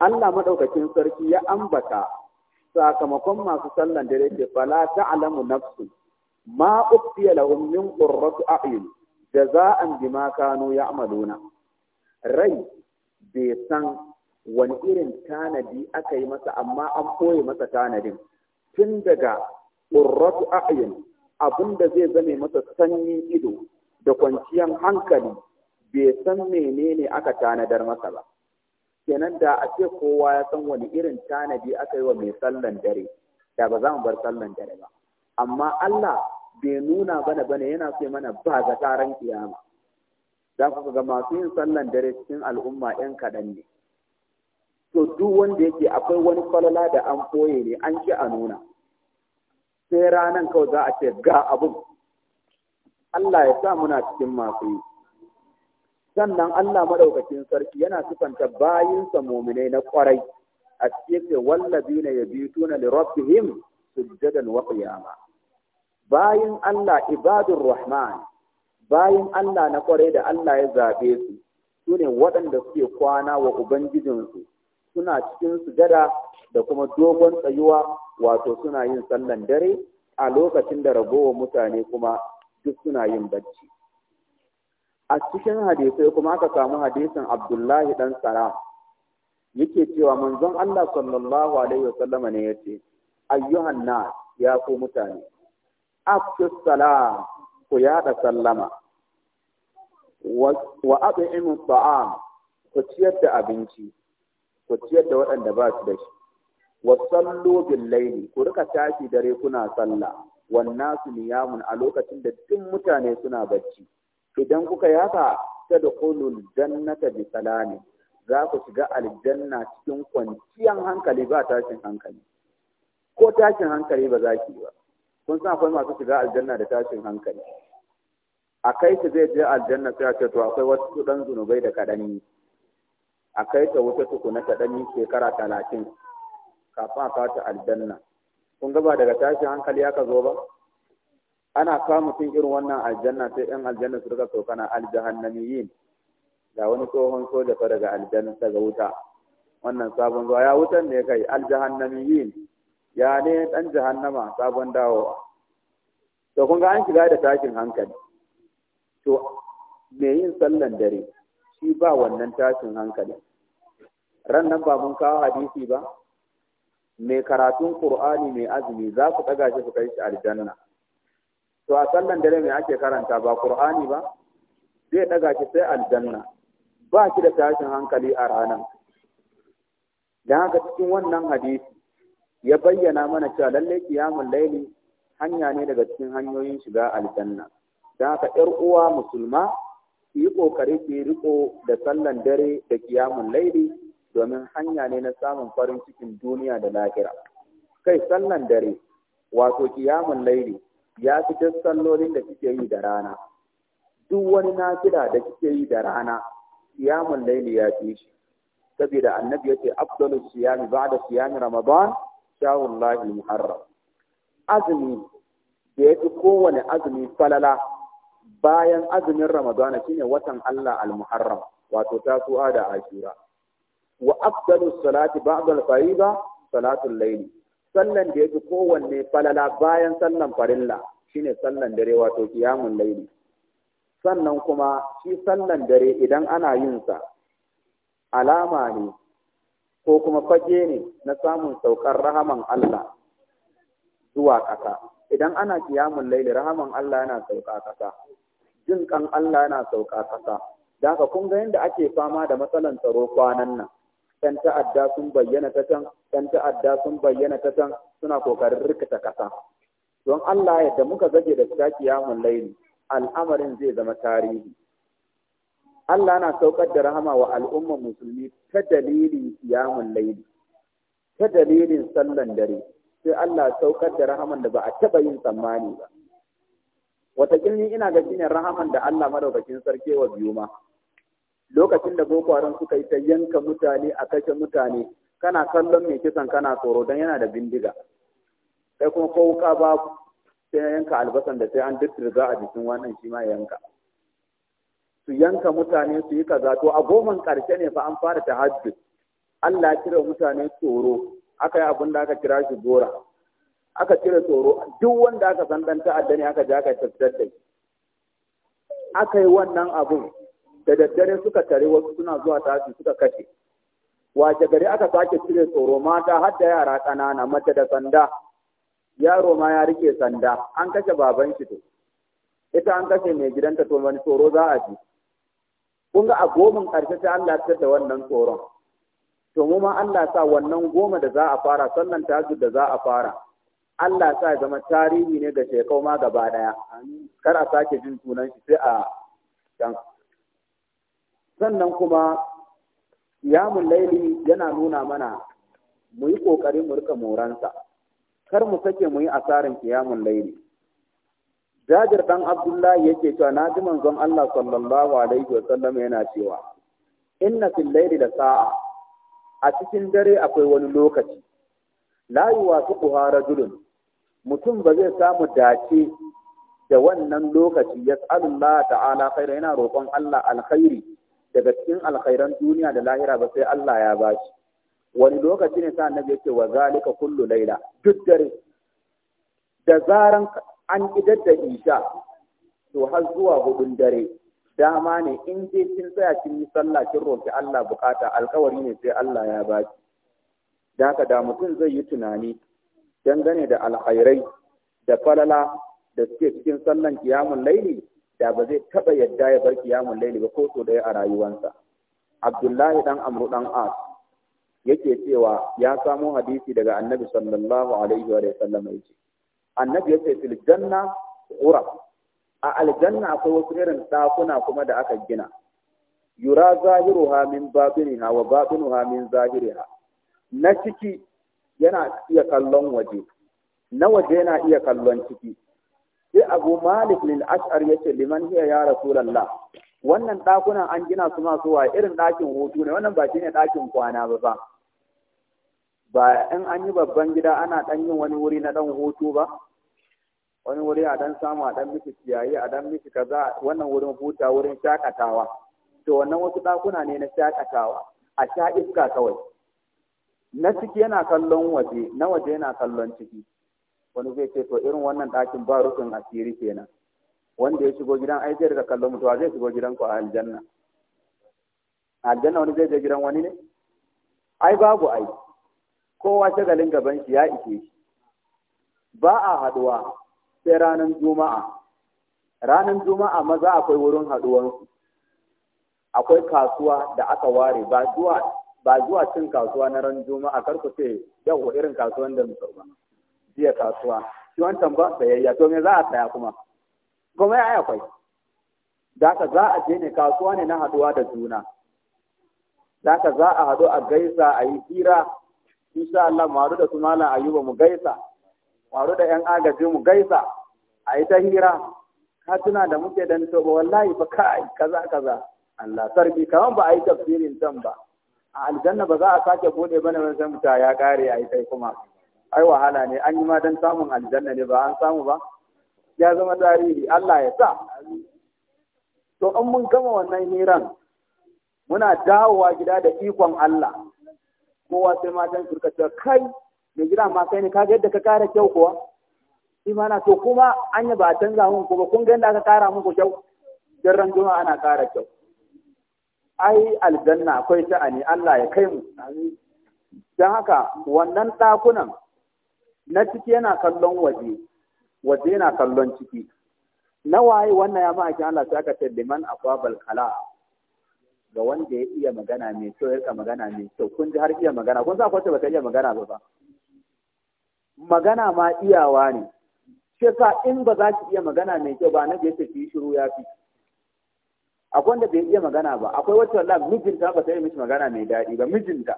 Allah madaukakin sarki ya ambata sakamakon masu sallan dare ke fala ta'lamu nafsu ma uqtiya lahum min qurratu a'yun jaza'an bima kanu ya'maluna rai bai san wani irin tanadi aka yi masa amma an koye masa tanadin tun daga ƙurratu a'yun abun da zai zame masa sanyin ido da kwanciyar hankali bai san menene aka tanadar masa ba kenan da a ce kowa ya san wani irin tanadi aka yi wa mai sallan dare da ba za mu bar sallan dare ba amma Allah bai nuna bana bane yana so mana ba taron kiyama za ku ga masu yin sallan dare cikin al'umma ɗan kaɗan ne to duk wanda yake akwai wani falala da an koye ne an ki a nuna sai ranan kawai za a ce ga abin Allah ya sa muna cikin masu yi sannan Allah madaukakin sarki yana sifanta bayinsa muminai na kwarai a cikin wallazina yabituna li rabbihim sujjadan wa qiyama bayin Allah ibadur rahman bayin Allah na kwarai da Allah ya zaɓe su sune waɗanda suke kwana wa ubangijinsu suna cikin sujada da kuma dogon tsayuwa wato suna yin sallan dare a lokacin da ragowar mutane kuma duk suna yin bacci a cikin hadisai kuma aka samu hadisin abdullahi dan sara yake cewa manzon Allah sallallahu alaihi sallama ne yace ayyuhan nas ya ku mutane afshus salam ku yada sallama wa at'imu ta'am ku ciyar da abinci ku ciyar da waɗanda ba su da shi wa sallu bil laili ku rika tashi dare kuna sallah wan nasu niyamun a lokacin da duk mutane suna bacci idan kuka yafa ta da kulul jannata bi salami za ku shiga aljanna cikin kwanciyan hankali ba tashin hankali ko tashin hankali ba za ki ba kun san akwai masu shiga aljanna da tashin hankali a kai ta zai je aljanna sai a ce to akwai wasu dan zunubai da kaɗan a kai ta wuce tukuna ta ɗan shekara talatin kafin a fata aljanna kun gaba daga tashin hankali aka zo ba ana kawo mutum irin wannan aljanna sai yan aljanna su rika tsokana yin, ga wani tsohon soja fa daga aljanna daga wuta wannan sabon zuwa ya wutan ne kai aljahannamiyin ya ne ɗan jahannama sabon dawowa to kun ga an shiga da tashin hankali to me yin sallan dare shi ba wannan tashin hankali ran nan ba mun kawo hadisi ba mai karatun qur'ani mai azumi za ku ɗaga shi su kai shi aljanna to a sallan dare mai ake karanta ba qur'ani ba zai daga ki sai aljanna ba shi da tashin hankali a ranar dan haka cikin wannan hadisi ya bayyana mana cewa lalle kiyamul laili hanya ne daga cikin hanyoyin shiga aljanna dan haka ƴar uwa musulma ki yi kokari ki riko da sallan dare da kiyamul laili domin hanya ne na samun farin cikin duniya da lahira kai sallan dare wato kiyamul laili ya fi duk sallolin da kike yi da rana duk wani nafila da kike yi da rana siyamun laili ya fi shi saboda annabi yace afdalu siyami ba'da siyami ramadan shawun lahi muharram azumi da yafi kowane azumi falala bayan azumin ramadan shine watan Allah al muharram wato su'a da ashura wa afdalu salati ba'da al fariida salatu laili sallan da ya fi kowanne falala bayan sallan farilla shine sallan dare wato kiyamun laili sannan kuma shi sallan dare idan ana yin alama ne ko kuma fage ne na samun saukar rahaman Allah zuwa ƙasa idan ana kiyamun laili rahaman Allah yana sauka ƙasa jin kan Allah yana sauka ƙasa da haka kun ga yadda ake fama da matsalan tsaro kwanan nan ‘yan ta'adda sun bayyana ta can, ɗan ta'adda sun bayyana ta can suna kokarin rikita kasa Don Allah yadda muka zage da sakiya mun laili, al'amarin zai zama tarihi. Allah na saukar da rahama wa al'umma musulmi ta dalilin kiyamun laili, ta dalilin sallan dare, sai Allah saukar da rahaman da ba a taɓa yin tsammani ba. Wataƙil ina ga shine rahaman da Allah madaukakin sarki wa biyu ma. lokacin da boko haram suka yi ta yanka mutane a kashe mutane kana kallon mai kisan kana tsoro don yana da bindiga sai kuma ko wuka ba sai ya yanka albasan da sai an dirtirga a jikin wannan shi ma yanka su yanka mutane su yi kaza to a goman karshe ne fa an fara hajji Allah ya cire mutane tsoro aka yi abin da aka kira shi gora aka cire tsoro duk wanda aka san dan ta'adda ne aka ja aka tafsir da shi aka yi wannan abun da daddare suka tare wasu suna zuwa tashi suka kashe wace gari aka sake cire tsoro mata har da yara ƙanana mace da sanda yaro ma ya rike sanda an kashe baban shi to ita an kashe mai gidanta to wani tsoro za a ji kun ga a gomin ƙarshe sai Allah ya da wannan tsoron to mu ma Allah sa wannan goma da za a fara sannan tahajjud da za a fara Allah sa ya zama tarihi ne ga shekau ma gaba daya kar a sake jin tunan shi sai a can sannan kuma yamun laili yana nuna mana mu yi ƙoƙari mu rika moransa kar mu sake mu yi asarin kiyamun laili jajir dan abdullahi yake cewa na ji manzon Allah sallallahu alaihi wa sallam yana cewa inna fil laili da sa'a a cikin dare akwai wani lokaci la yuwafiquha rajulun mutum ba zai samu dace da wannan lokaci yas'alullaha ta'ala khaira yana roƙon Allah alkhairi daga cikin alkhairan duniya da lahira ba sai Allah ya ba shi wani lokaci ne sa annabi yake wa zalika kullu laila duk dare da zaran an idar da isha to har zuwa hudun dare dama ne in je kin tsaya kin yi sallah kin roki Allah bukata alkawari ne sai Allah ya ba shi. da da mutum zai yi tunani dangane da alkhairai da falala da suke cikin sallan kiyamun laili da ba zai taɓa yadda ya bar kiyamun laili ba ko so ɗaya a rayuwansa abdullahi ɗan amru ɗan as yake cewa ya samo hadisi daga annabi sallallahu alaihi wa sallam yace annabi fil janna ƙura. a aljanna akwai wasu irin ɗakuna kuma da aka gina yura zahiru ha min ha wa ha min ha. na ciki yana iya kallon waje na waje yana iya kallon ciki sai abu malik lil ash'ar yace liman hiya ya rasulullah wannan ɗakunan an gina su masu wa irin dakin hutu ne wannan ba shi ne dakin kwana ba ba ba in an yi babban gida ana dan yin wani wuri na dan hutu ba wani wuri a dan samu a dan miki ciyayi a dan miki kaza wannan wurin huta wurin shakatawa to wannan wasu dakuna ne na shakatawa a sha iska kawai na ciki yana kallon waje na waje yana kallon ciki wani zai ce to irin wannan ɗakin ba rufin asiri kenan wanda ya shigo gidan ai zai da kallon mutuwa zai shigo gidan ku a aljanna aljanna wani zai je gidan wani ne ai babu ai kowa shagalin gaban shi ya ishe shi ba a haduwa sai ranar juma'a ranar juma'a maza akwai wurin haduwansu akwai kasuwa da aka ware ba zuwa ba zuwa cin kasuwa na ran juma'a kar ku ce yau irin kasuwan da mu ba jiya kasuwa shi wancan ba sayayya to me za a saya kuma kuma ya akwai da ka za a je ne kasuwa ne na haduwa da juna da ka za a haɗu a gaisa a yi hira insha Allah mu haɗu da su malam Ayuba mu gaisa mu da ƴan agaji mu gaisa a yi ta hira ka tuna da muke da to ba wallahi ba kai kaza kaza Allah sarki kaman ba a yi tafsirin can ba a aljanna ba za a sake bude bane ban san ya kare ai yi sai kuma ai wahala ne an yi ma dan samun aljanna ne ba an samu ba ya zama tarihi Allah ya sa to an mun gama wannan hiran muna dawowa gida da ikon Allah kowa sai matan su kai mai gida ma kai ne kaga yadda ka kara kyau kuwa imana to kuma an yi ba canza mun ko ba kun ga yadda aka kara muku kyau ran juma'a ana kara kyau ai aljanna akwai sha'ani Allah ya kai mu don haka wannan ɗakunan na ciki yana kallon waje waje yana kallon ciki na waye wannan ya ma'aikin Allah sai aka ce liman aqwabal kala ga wanda ya iya magana mai kyau ya magana mai kyau kun ji har iya magana kun sa kwace baka iya magana ba ba magana ma iyawa ne shi sa in ba za ki iya magana mai kyau ba na ce yake ki shiru ya fi akwai wanda bai iya magana ba akwai wacce wallahi mijinta ba ta yi mishi magana mai daɗi ba mijinta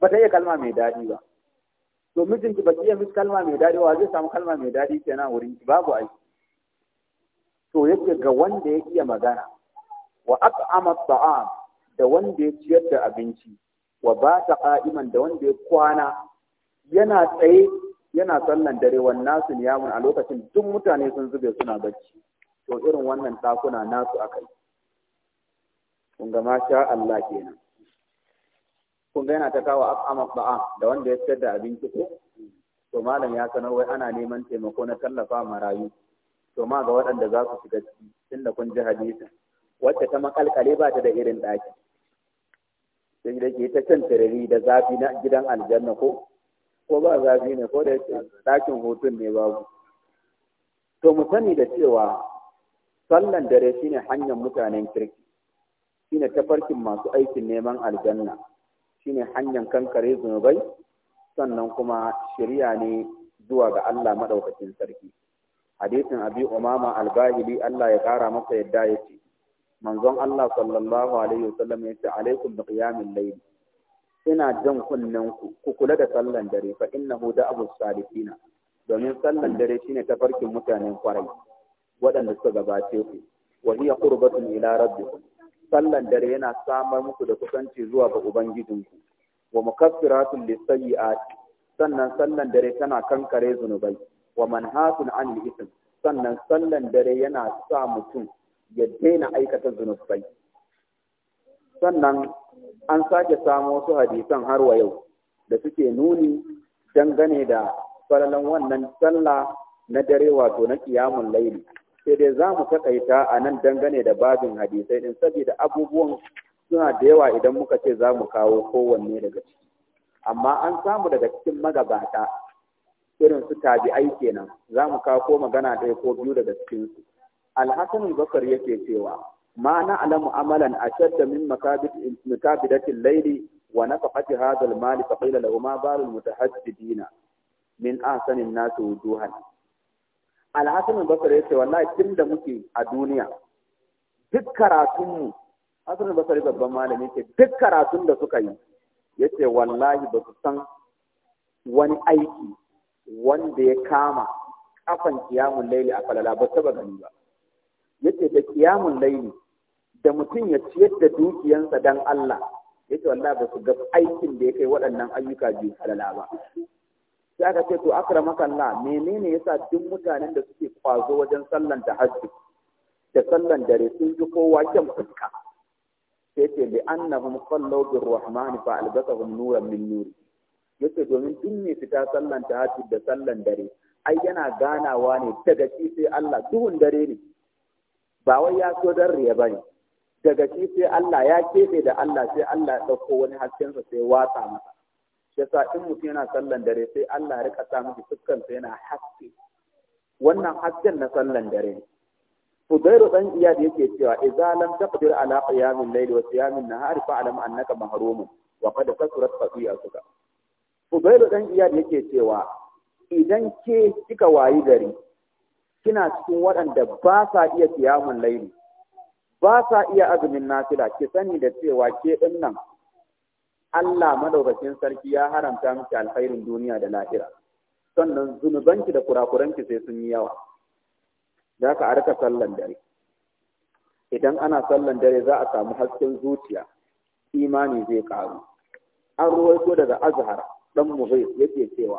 ba ta iya kalma mai daɗi ba to mijinki ba iya miki kalma mai daɗi wa zai samu kalma mai daɗi kenan wurin ki babu ai to yake ga wanda ya iya magana wa at'ama ta'am da wanda ya ciyar da abinci wa ba ta qa'iman da wanda ya kwana yana tsaye yana sallan dare wannan sun mun a lokacin duk mutane sun zube suna bacci to irin wannan ɗakuna nasu akai kun ga masha Allah kenan kun ga yana ta kawo af'ama ba'a da wanda ya fitar da abinci ko to malam ya sanar wai ana neman taimako na tallafa marayu to ma ga waɗanda za su shiga ciki da kun ji hadisin wacce ta makalkale ba ta da irin ɗaki sai da ke ta can tarari da zafi na gidan aljanna ko ko ba zafi ne ko da ɗakin hutun ne babu to mu sani da cewa sallan dare shine hanyar mutanen kirki shine tafarkin masu aikin neman aljanna shine hanyar kankare zunubai sannan kuma shari'a ne zuwa ga Allah madaukakin sarki hadisin abi umama al Allah ya kara masa yadda ya ce manzon Allah sallallahu alaihi wasallam ya ce alaikum bi qiyamil layl ina jan kunnen ku ku kula da sallan dare fa innahu abu salihina domin sallan dare shine tafarkin mutanen kwarai waɗanda suka gabace ku wa hiya qurbatun ila rabbikum sallan dare yana samar muku da kusanci zuwa ga ubangijinku wa mukaffiratun a sannan sallan dare tana kankare zunubai wa manhatun an ism sannan sallan dare yana sa mutum ya daina aikata zunubai sannan an sake samo wasu hadisan har wa yau da suke nuni dangane da falalan wannan sallah na dare wato na kiyamun laili sai dai za mu takaita a nan dangane da babin hadisai din saboda abubuwan suna da yawa idan muka ce za mu kawo kowanne daga ciki amma an samu daga cikin magabata irin su tabi'ai kenan za mu kawo ko magana ɗaya ko biyu daga cikinsu alhassan bakar yake cewa ma na alamu amalan a shadda min makabidatin laili wa na hadha Hadal mali fa lahu ma balul mutahajjidina min ahsanin nasu wujuhan alhassan basar ya ce wallahi tun da muke a duniya duk karatunmu hassan basar babban malami ce duk karatun da suka yi ya ce wallahi ba su san wani aiki wanda ya kama kafan kiyamun laili a falala ba taba gani ba ya ce da kiyamun laili da mutum ya ciyar da dukiyansa don Allah ya ce wallahi ba su ga aikin da ya kai waɗannan ayyuka biyu falala ba sai aka ce to akramaka Allah menene yasa duk mutanen da suke kwazo wajen sallan da hajji da sallan dare sun ji kowa kyan fuska sai ce bi annahum sallaw bi rahmani fa albasahum nuran min nuri yace domin duk ne fita sallan da hajji da sallan dare ai yana ganawa ne daga ci sai Allah duhun dare ne ba wai ya so dan riya bane daga ci sai Allah ya keɓe da Allah sai Allah ya dauko wani haskensa sai wasa masa yasa in mutum yana sallan dare sai Allah ya rika sa miki sai yana haske wannan hasken na sallan dare ne Fudairu dan iyad yake cewa idza lam taqdir ala qiyamil layl wa siyamin nahar alam annaka mahrumun wa qad kasurat qadiyatuka Fudairu dan iyad yake cewa idan ke kika wayi gari kina cikin waɗanda ba sa iya siyamun laili ba sa iya azumin nafila ki sani da cewa ke din nan Allah madaukakin sarki ya haramta miki alkhairin duniya da lahira sannan zunubanki da kurakuranki sai sun yi yawa za ka arka sallan dare idan ana sallan dare za a samu hasken zuciya imani zai karu an ruwaito daga azhar dan muhayy yake cewa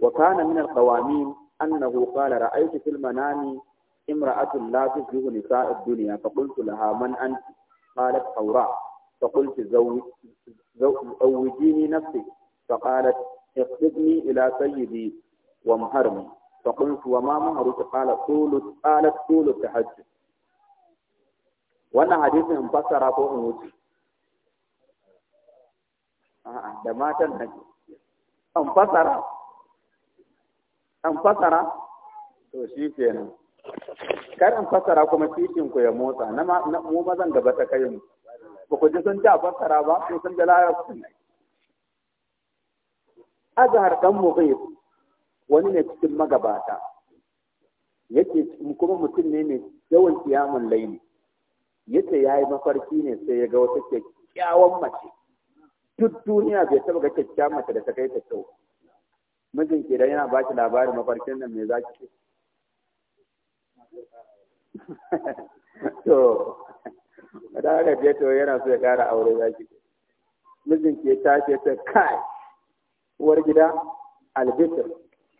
wa kana min alqawamin annahu qala ra'aytu fil manami imra'atun la tuzhihu nisa'id dunya fa qultu laha man anti qalat awra' فقلت زوجيني نفسي فقالت اقبضني إلى سيدي ومهرني فقلت وما مهرك قال قالت طول wannan hadisin in fassara ko in wuce a'a da matan an fassara an fassara to shi kenan kar fassara kuma titin ku ya motsa na mu mazan gaba ta kai mu ba ku ji sun a fassara ba ko sun sun larabcin azhar dan mughir wani ne cikin magabata yake kuma mutum ne mai yawan kiyamun laili yace yi mafarki ne sai ya ga wata kyakkyawan mace duk duniya bai taɓa ga kyakkyawan mace da ta kai ta kyau mijin ke da yana baki labarin mafarkin nan me za ce to da aka je to yana so ya ƙara aure za ki mijin ke tashi ta kai uwar gida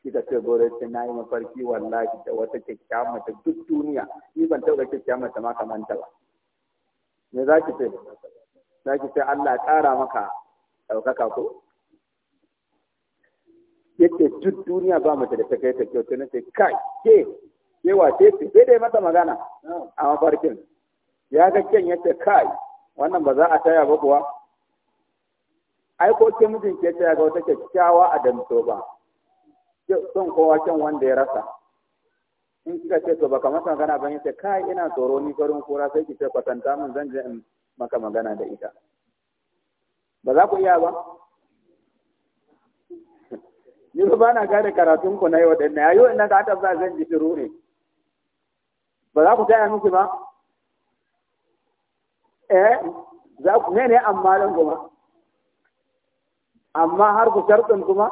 Ki ta ce gore ce na yi mafarki wallahi da wata kyakkyawa mata duk duniya ni ban taɓa kyakkyawa mata maka manta ba me za ki ce za ki ce Allah ƙara maka ɗaukaka ko yake duk duniya ba mata da ta kai ta kyautu na ce kai ke ke wace ce sai dai mata magana a mafarkin ya ga kyan yake kai wannan ba za a taya ba kuwa ai ko ke mijin ke taya ga wata kyakkyawa a damto ba son kowa kyan wanda ya rasa in kika ce to baka masa magana ban yace kai ina tsoro ni garin kura sai ki ce kwatanta min zan je in maka magana da ita ba za ku iya ba ni ba na gane karatun ku na yau da na yau ina ga ta zan ji shiru ne ba za ku taya miki ba eh za ku mene amma dan kuma amma har ku sharɗin kuma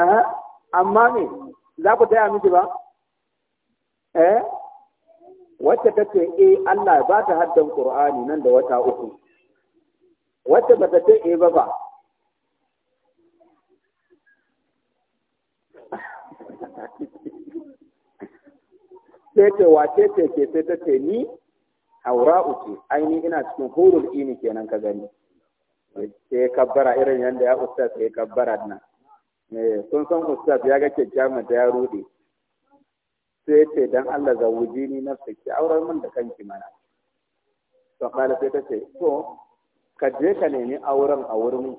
eh amma me za ku taya miki ba eh wacce ta ce eh Allah ba ta haddan Qur'ani nan da wata uku wacce ba ta ce eh ba ba sai ce wace ce ke sai ta ce ni haura'u uku, aini ina cikin hurul ini kenan ka gani sai kabbara irin yadda ya ustaz sai kabbara nan sun san ustaz ya ga kyakkyawar da ya rude sai ce dan Allah zawuji ni na ki auren min da kanki mana to kala sai ta ce to ka je ka nemi auren a wurin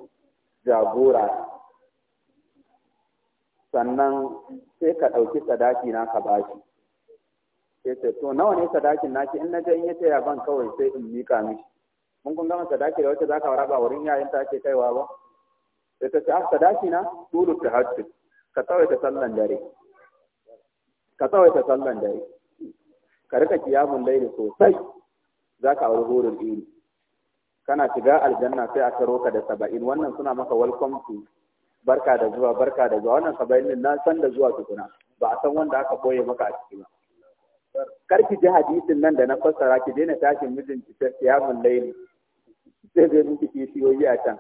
jagora sannan sai ka ɗauki sadaki na ka bashi sai ce to nawa ne sadakin naki in naje in yace ya ban kawai sai in mika mishi mun kun gama sadaki da wacce zaka raba wurin yayin ta ake kaiwa ba sai ta ce ah sadaki na tulu hajji. ka ta sallan dare ka ta sallan dare ka rika kiyamun laili sosai zaka auri hurul iri. kana shiga aljanna sai a karo ka da saba'in wannan suna maka welcome to barka da zuwa barka da zuwa wannan saba'in nan na san da zuwa tukuna ba a san wanda aka koye maka a ciki ba kar ki ji hadisin nan da na fassara ki daina tashin ki ta siyamun laili sai zai miki kishiyoyi a can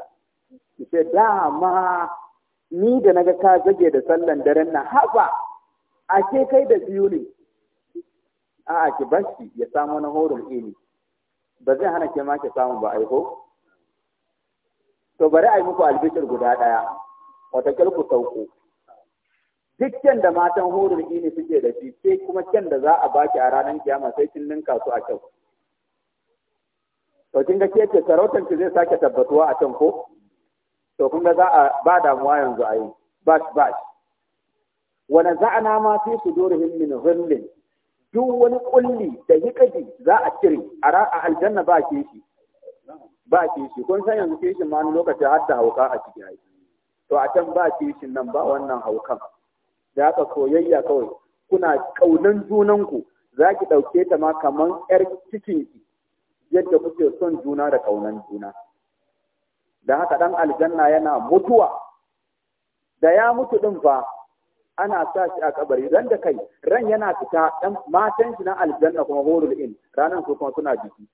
ki ce dama ni da naga ka zage da sallan daren nan haba a ke kai da biyu ne a'a ki bashi ya samu na horon ilimi ba zai hana ke ma ki samu ba aiko to bari a yi muku albishir guda ɗaya wataƙil ku sauko duk kyan da matan horin ini suke da shi sai kuma kyan da za a baki a ranar kiyama sai kin ninka su a kyau to kin ga ke sarautar ki zai sake tabbatuwa a can ko to kun ga za a ba damuwa yanzu a yi bash bash wa naza'na ma fi sudurihim min ghillin duk wani kulli da hikaji za a cire a aljanna ba ke shi ba shi kun san yanzu shi ma lokacin har da hauka a ciki haifi. to a can ba shi nan ba wannan haukan da haka soyayya kawai kuna kaunan junanku za ki ɗauke ta ma kamar ‘yar cikinki yadda kuke son juna da kaunan juna da haka ɗan aljanna yana mutuwa da ya mutu ɗin fa ana sa shi a kabari ran da kai ran yana fita ɗan matan shi na aljanna kuma horul in ranan su kuma suna biki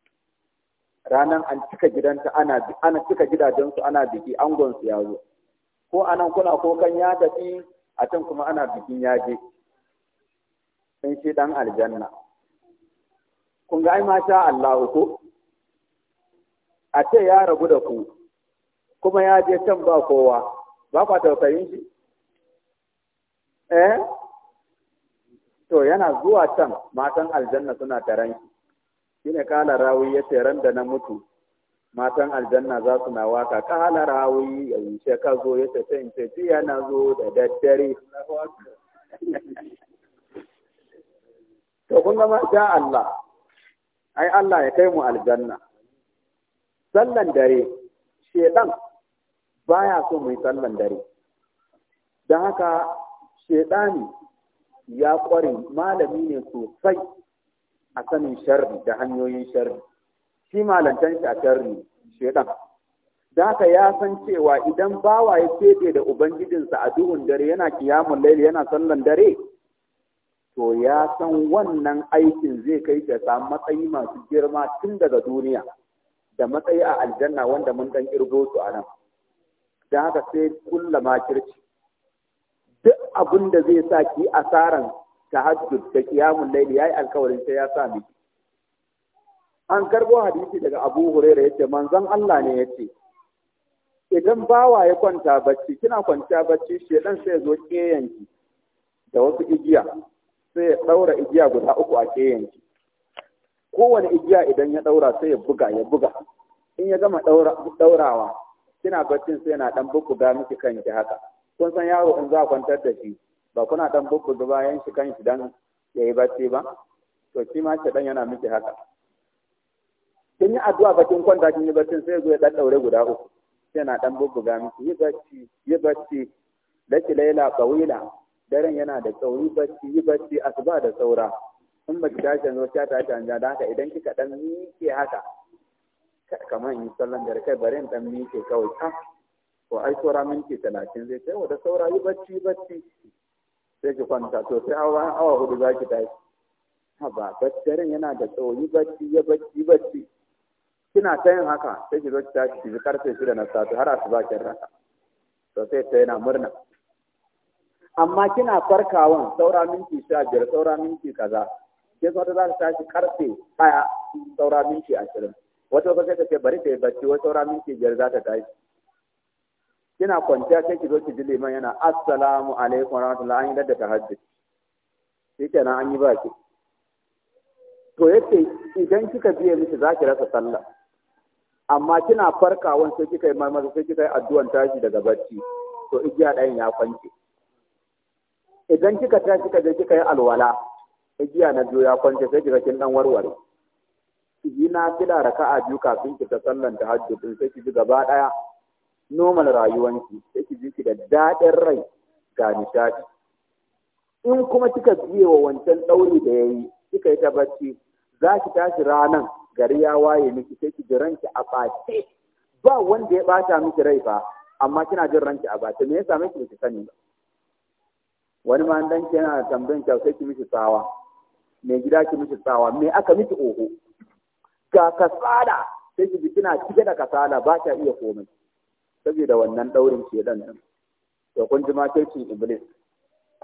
ranan an cika gidanta ana ana cika gidajensu ana biki angon su ya zo ko anan kuna kokan ya tafi a can kuma ana bikin yaje sun shi dan aljanna kun ga ai sha Allah ko a ce ya rabu da ku kuma ya je can ba kowa ba kwa tausayin shi eh to yana zuwa can matan aljanna suna taran shi shine kala rawi ya ce ran da na mutu matan aljanna za su na waka kala rawi ya yi ka zo ya tafi in ce jiya na zo da daddare to kun ga ja Allah ai Allah ya kai mu aljanna sallan dare shedan baya so mu yi sallan dare dan haka shedani ya kware malami ne sosai a sanin sharri da hanyoyin sharri shi malantan shi a tarni, shedan da haka ya san cewa idan bawa ya keɓe da ubangijinsa a duhun dare yana kiyamun laili yana sallan dare to ya san wannan aikin zai kai ta samu matsayi masu girma tun daga duniya da matsayi a aljanna wanda mun dan kirgo su a nan haka sai kulla makirci duk abin da zai sa ki asaran tahajjud da kiyamun laili yayi alkawarin sai ya sa miki an karbo hadisi daga abu huraira yace manzon Allah ne yace idan bawa ya kwanta bacci kina kwanta bacci shedan sai ya zo keyanki da wasu igiya sai ya daura igiya guda uku a keyanki kowane igiya idan ya daura sai ya buga ya buga in ya gama daurawa kina baccin sai yana dan da miki kanki haka kun san yaro in za kwantar da shi ba kuna dan bubbuga bayan shi kanki dan yayi bacci ba to shi ma dan yana miki haka kin yi addu'a bakin kwanta kin yi baccin sai zo ya dan daure guda uku yana dan bubbuga miki yi bacci yi bacci laki laila qawila daren yana da tsauri bacci yi bacci asuba da saura in ba ki tashi yanzu ta tashi an da haka idan kika dan miƙe haka kamar in sallan da kai bare dan miƙe kawai ta ko ai saura minti talatin zai kai da saura yi bacci bacci sai ki kwanta to sai awa awa hudu za ki tashi haba daren yana da tsauri bacci ya bacci bacci kina ta yin haka sai ki zo ki tashi ki bi karfe shida na safe har asuba kin raka to sai ta yana murna amma kina farkawan saura minti sha biyar saura minti kaza sai ta za ta tashi karfe ɗaya saura minti ashirin wata wata sai ta ce bari ta yi bacci wata saura minti biyar za ta tashi kina kwanciya sai ki zo ki ji liman yana assalamu alaikum wa rahmatulah', an yi da tahajjud nan an yi baki to yace idan kika biye miki za ki rasa sallah amma kina farkawan sai kika yi marmari sai kika yi addu'an tashi daga barci to igiya ɗayan ya kwance idan kika tashi kaje kika yi alwala igiya na biyu ya kwance sai kika kin dan warware yi na kila raka'a biyu kafin ki ta sallan sai ki gaba ɗaya noman rayuwanki sai ki ji ki da daɗin rai ga nishaɗi in kuma kika biye wa wancan ɗauri da ya yi kika yi ta barci za ki tashi ranan gari ya waye miki sai ki ji ranki a bace ba wanda ya bata miki rai ba amma kina jin ranki a bace me yasa miki ki sani wani ma dan ki yana tambayan ki sai ki miki tsawa me gida ki miki tsawa me aka miki oho ga kasala sai ki ji kina cike da kasala ba ta iya komai saboda wannan daurin ke dan nan to kun ji ma iblis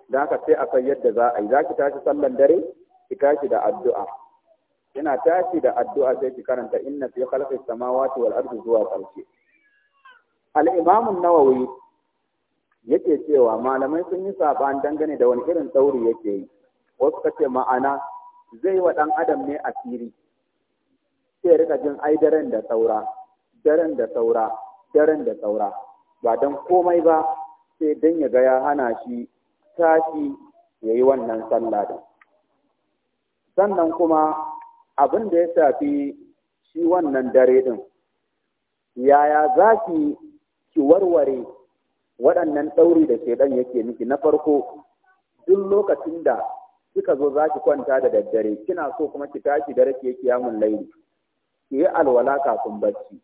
da aka sai akan yadda za a yi za ki tashi sallan dare ki tashi da addu'a yana tashi da addu'a sai ki karanta inna fi khalqis samawati wal ardi zuwa ƙarshe al-imam an-nawawi yake cewa malamai sun yi saban dangane da wani irin tsauri yake yi wasu ka ce ma'ana zai wa ɗan adam ne asiri sai rika jin ai daren da saura daren da saura daren da saura ba dan komai ba sai dan ya ga ya hana shi tashi yayi wannan sallah sannan kuma abin da ya shafi shi wannan dare ɗin, yaya za ki warware waɗannan ɗauri da ke ɗan yake miki na farko duk lokacin da kika zo za ki kwanta da daddare kina so kuma ki tashi dare ki mun laili ki yi alwala kafin barci.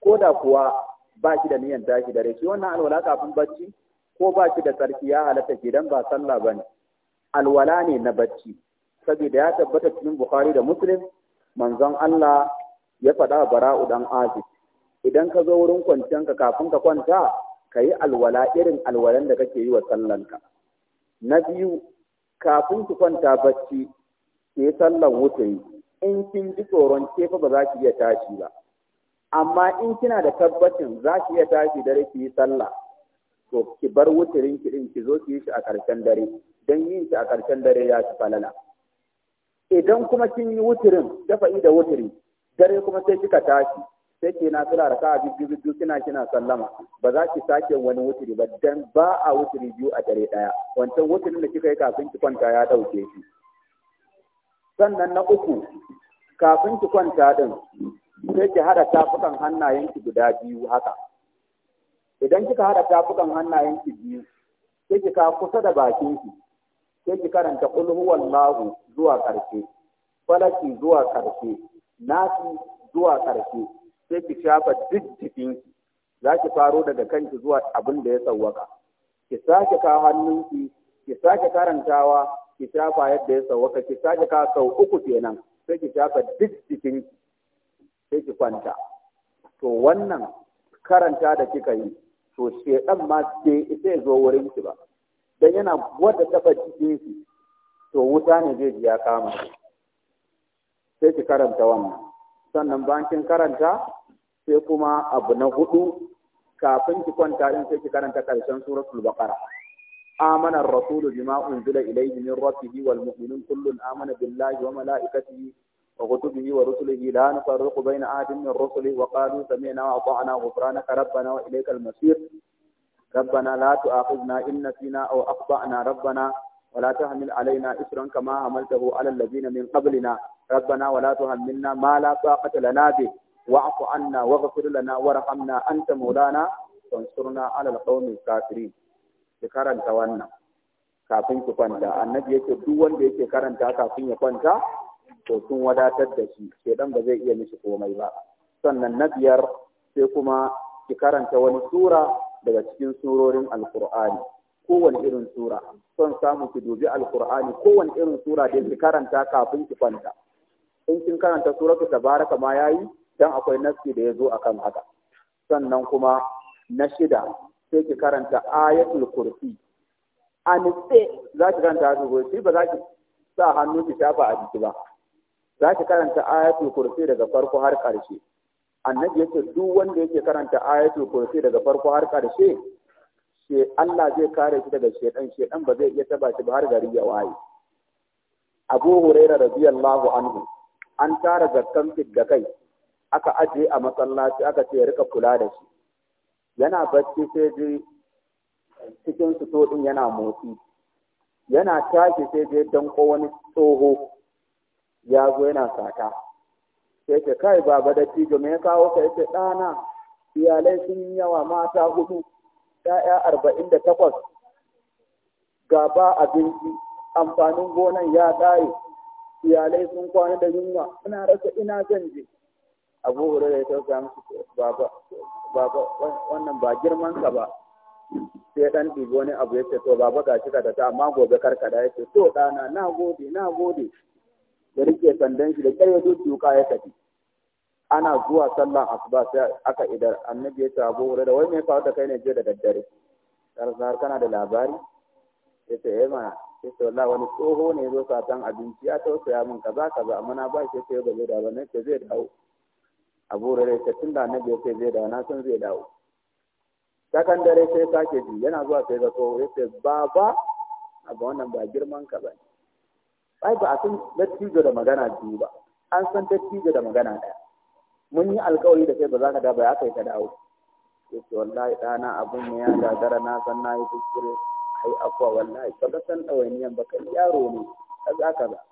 ko da kuwa ba ki da niyan tashi dare ki wannan alwala kafin barci? ko ba ki da sarki ya halatta ki dan ba sallah bane alwala ne na barci. saboda ya tabbata cikin Bukhari da Muslim manzon Allah ya faɗa bara'u dan Azib idan ka zo wurin kwanciyanka kafin ka kwanta ka yi alwala irin alwalan da kake yi wa sallanka na biyu kafin ki kwanta bacci ke sallan wuturi in kin ji tsoron kefa ba za ki iya tashi ba amma in kina da tabbacin za ki iya tashi dare ki yi sallah to ki bar wuturin ki din ki zo ki yi shi a ƙarshen dare don yin shi a ƙarshen dare ya ci falala idan kuma kin yi wutirin dafa da wutiri dare kuma sai kika tashi sai ke na tsira raka a biyu kina kina sallama ba za ki sake wani wutiri ba dan ba a wutiri biyu a dare daya wancan wutirin da kika yi kafin ki kwanta ya dauke shi sannan na uku kafin ki kwanta din sai ki hada tafukan hannayenki guda biyu haka idan kika hada tafukan hannayenki biyu sai ki ka kusa da bakinki sai ki karanta kul huwallahu zuwa karshe falaki zuwa karshe nasi zuwa karshe sai ki shafa duk ki za ki faro daga kanki zuwa abin da ya sawwaka ki sake ka hannunki ki sake karantawa ki shafa yadda ya sawwaka ki sake ka sau uku kenan sai ki shafa duk ki sai ki kwanta to wannan karanta da kika yi to shedan ma sai zo wurin ki ba sai yana wata taba cikin shi to wuta ne zai ya kama sai ki karanta wannan sannan bankin karanta sai kuma abu na hudu kafin ki kwanta din sai ki karanta karshen suratul baqara amana rasulu bima unzila ilayhi min rabbihi wal mu'minun kullun amana billahi wa malaikatihi wa kutubihi wa rusulihi la nufarriqu bayna ahadin min rusulihi wa qalu sami'na wa ata'na ghufranaka rabbana wa masir ربنا لا تؤاخذنا إن نسينا أو أخطأنا ربنا ولا تحمل علينا إسرا كما حملته على الذين من قبلنا ربنا ولا تحملنا ما لا طاقة لنا به واعف عنا واغفر لنا وارحمنا أنت مولانا وانصرنا على القوم الكافرين karanta wannan kafin ki kwanta annabi yake duk wanda yake karanta kafin ya kwanta to sun wadatar da shi shedan ba zai iya mishi komai ba sannan na biyar sai kuma ki karanta wani sura daga cikin surorin alkur'ani kowane irin sura son samu ki dubi alkur'ani kowane irin sura da ki karanta kafin ki kwanta in kin karanta ta tabaraka ma yayi dan akwai nasi da yazo akan haka sannan kuma na shida sai ki karanta ayatul kursi a nitse za ki karanta ayatul kursi ba za ki sa hannu ki shafa a jiki ba za ki karanta ayatul kursi daga farko har ƙarshe annabi yake duk wanda yake karanta ayatul kursi daga farko har karshe she Allah zai kare shi daga shedan shedan ba zai iya taba shi ba har gari ya waye Abu Hurairah radiyallahu anhu an tara zakkan da kai aka aje a masallaci aka ce rika kula da shi yana bacci sai ji cikin su to din yana motsi yana tashi sai je kowani wani tsoho ya zo yana sata sai ce kai baba da cijo me ya kawo ka yace ɗana iyalai sun yawa mata hudu yaya arba'in da takwas gaba a abinci amfanin gonan ya ɗaye iyalai sun kwana da yunwa ina rasa ina zan je abu da ya tausa musu baba baba wannan ba girmansa ba sai dan ɗibi wani abu ya ce to baba ga shi ka da ta amma gobe karkada ya ce to ɗana na gode na gode da rike sandan shi da kyar duk duka ya tafi ana zuwa sallan asuba sai aka idar annabi ya tabo wurin da wai me faru da kai ne je da daddare har kana da labari ya ce yi eh ma ya ce wallahi wani tsoho ne zo satan abinci ya tausaya min kaza kaza amma na ba shi sai ba zai dawo ne ce zai dawo abu hore da tun da annabi ya ce zai dawo na san zai dawo sakan dare sai sake ji yana zuwa sai ga tsoho ya ce baba a wannan ba girman ka ba ne ai ba a san dattijo da magana biyu ba an san dattijo da magana ɗaya mun yi alkawari da kai ba za ka dawo ba ya kai ka dawo ya ce wallahi ɗana abin ne ya gagara na san na yi kuskure ai akwa wallahi ka san ɗawainiyan ba kai yaro ne za ka ba.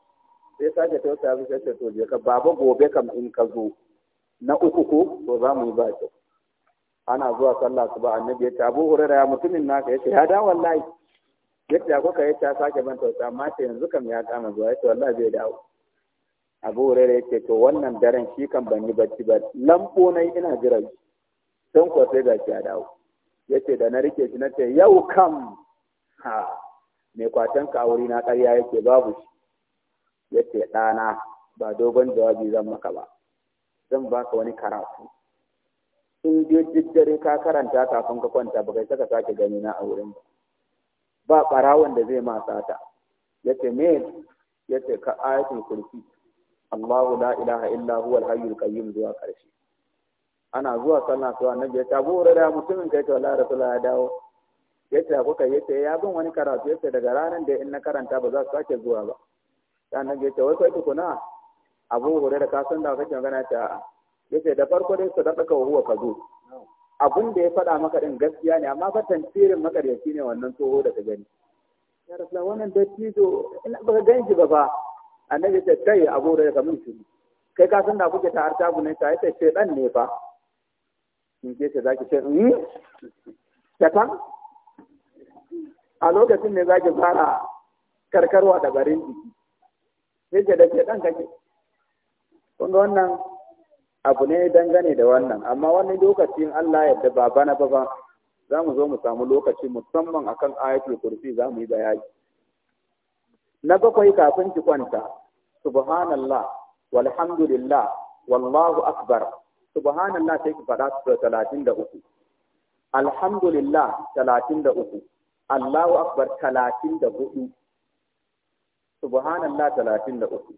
sai sake tausaya su sai to je ka baba gobe kam in ka zo na uku ko to za mu yi ba kyau ana zuwa sallah su ba annabi ya ce abu hurara ya mutumin naka ya ce ya da wallahi yadda kuka yi ta sake ban tausa amma ta yanzu kam ya kama zuwa ya ce wallah zai dawo abu hurairu ya ce to wannan daren shi kan ban yi bacci ba lambo na ina jira shi don kuwa sai gashi ya dawo ya ce da na rike shi na ce yau kam ha mai kwatan ka wuri na ya yake babu shi ya ce ɗana ba dogon jawabi zan maka ba zan baka wani karatu in dai ka karanta kafin ka kwanta ba kai saka sake gani na a wurin ba ba ɓarawon da zai ma ta ya ce me ya ce ka ayatul kursi Allahu la ilaha illa huwa al-hayyul qayyum zuwa karshe ana zuwa sallah to annabi ya tabo da mutumin kai to Allah rasulullah ya dawo ya ce kuka ya ce ya bin wani karatu ya ce daga ranar da in na karanta ba za su sake zuwa ba sannan ya ce wai sai kuna abu hure da kasan da kake magana ta ya ce da farko dai su da ɗaka huwa ka zo abin da ya faɗa maka ɗin gaskiya ne amma fatan tsirin makaryaci ne wannan tsoho da ka gani ya rasu wannan dattijo ina ka gan shi ba fa annabi ta kai abu da ka mun shi kai ka san da kuke ta harta ne ta yace ɗan ne fa in ce ki ce in hmm? shatan a lokacin ne za ki fara karkarwa da barin jiki ke da ɗan kake kun ga wannan abu ne dangane da wannan amma wani lokacin Allah yadda ba bana ba ba za mu zo mu samu lokaci musamman akan ayatul kursi za mu yi bayani na bakwai kafin ki kwanta subhanallah walhamdulillah wallahu akbar subhanallah sai ki faɗa su talatin da uku alhamdulillah talatin da uku allahu akbar talatin da hudu subhanallah talatin da uku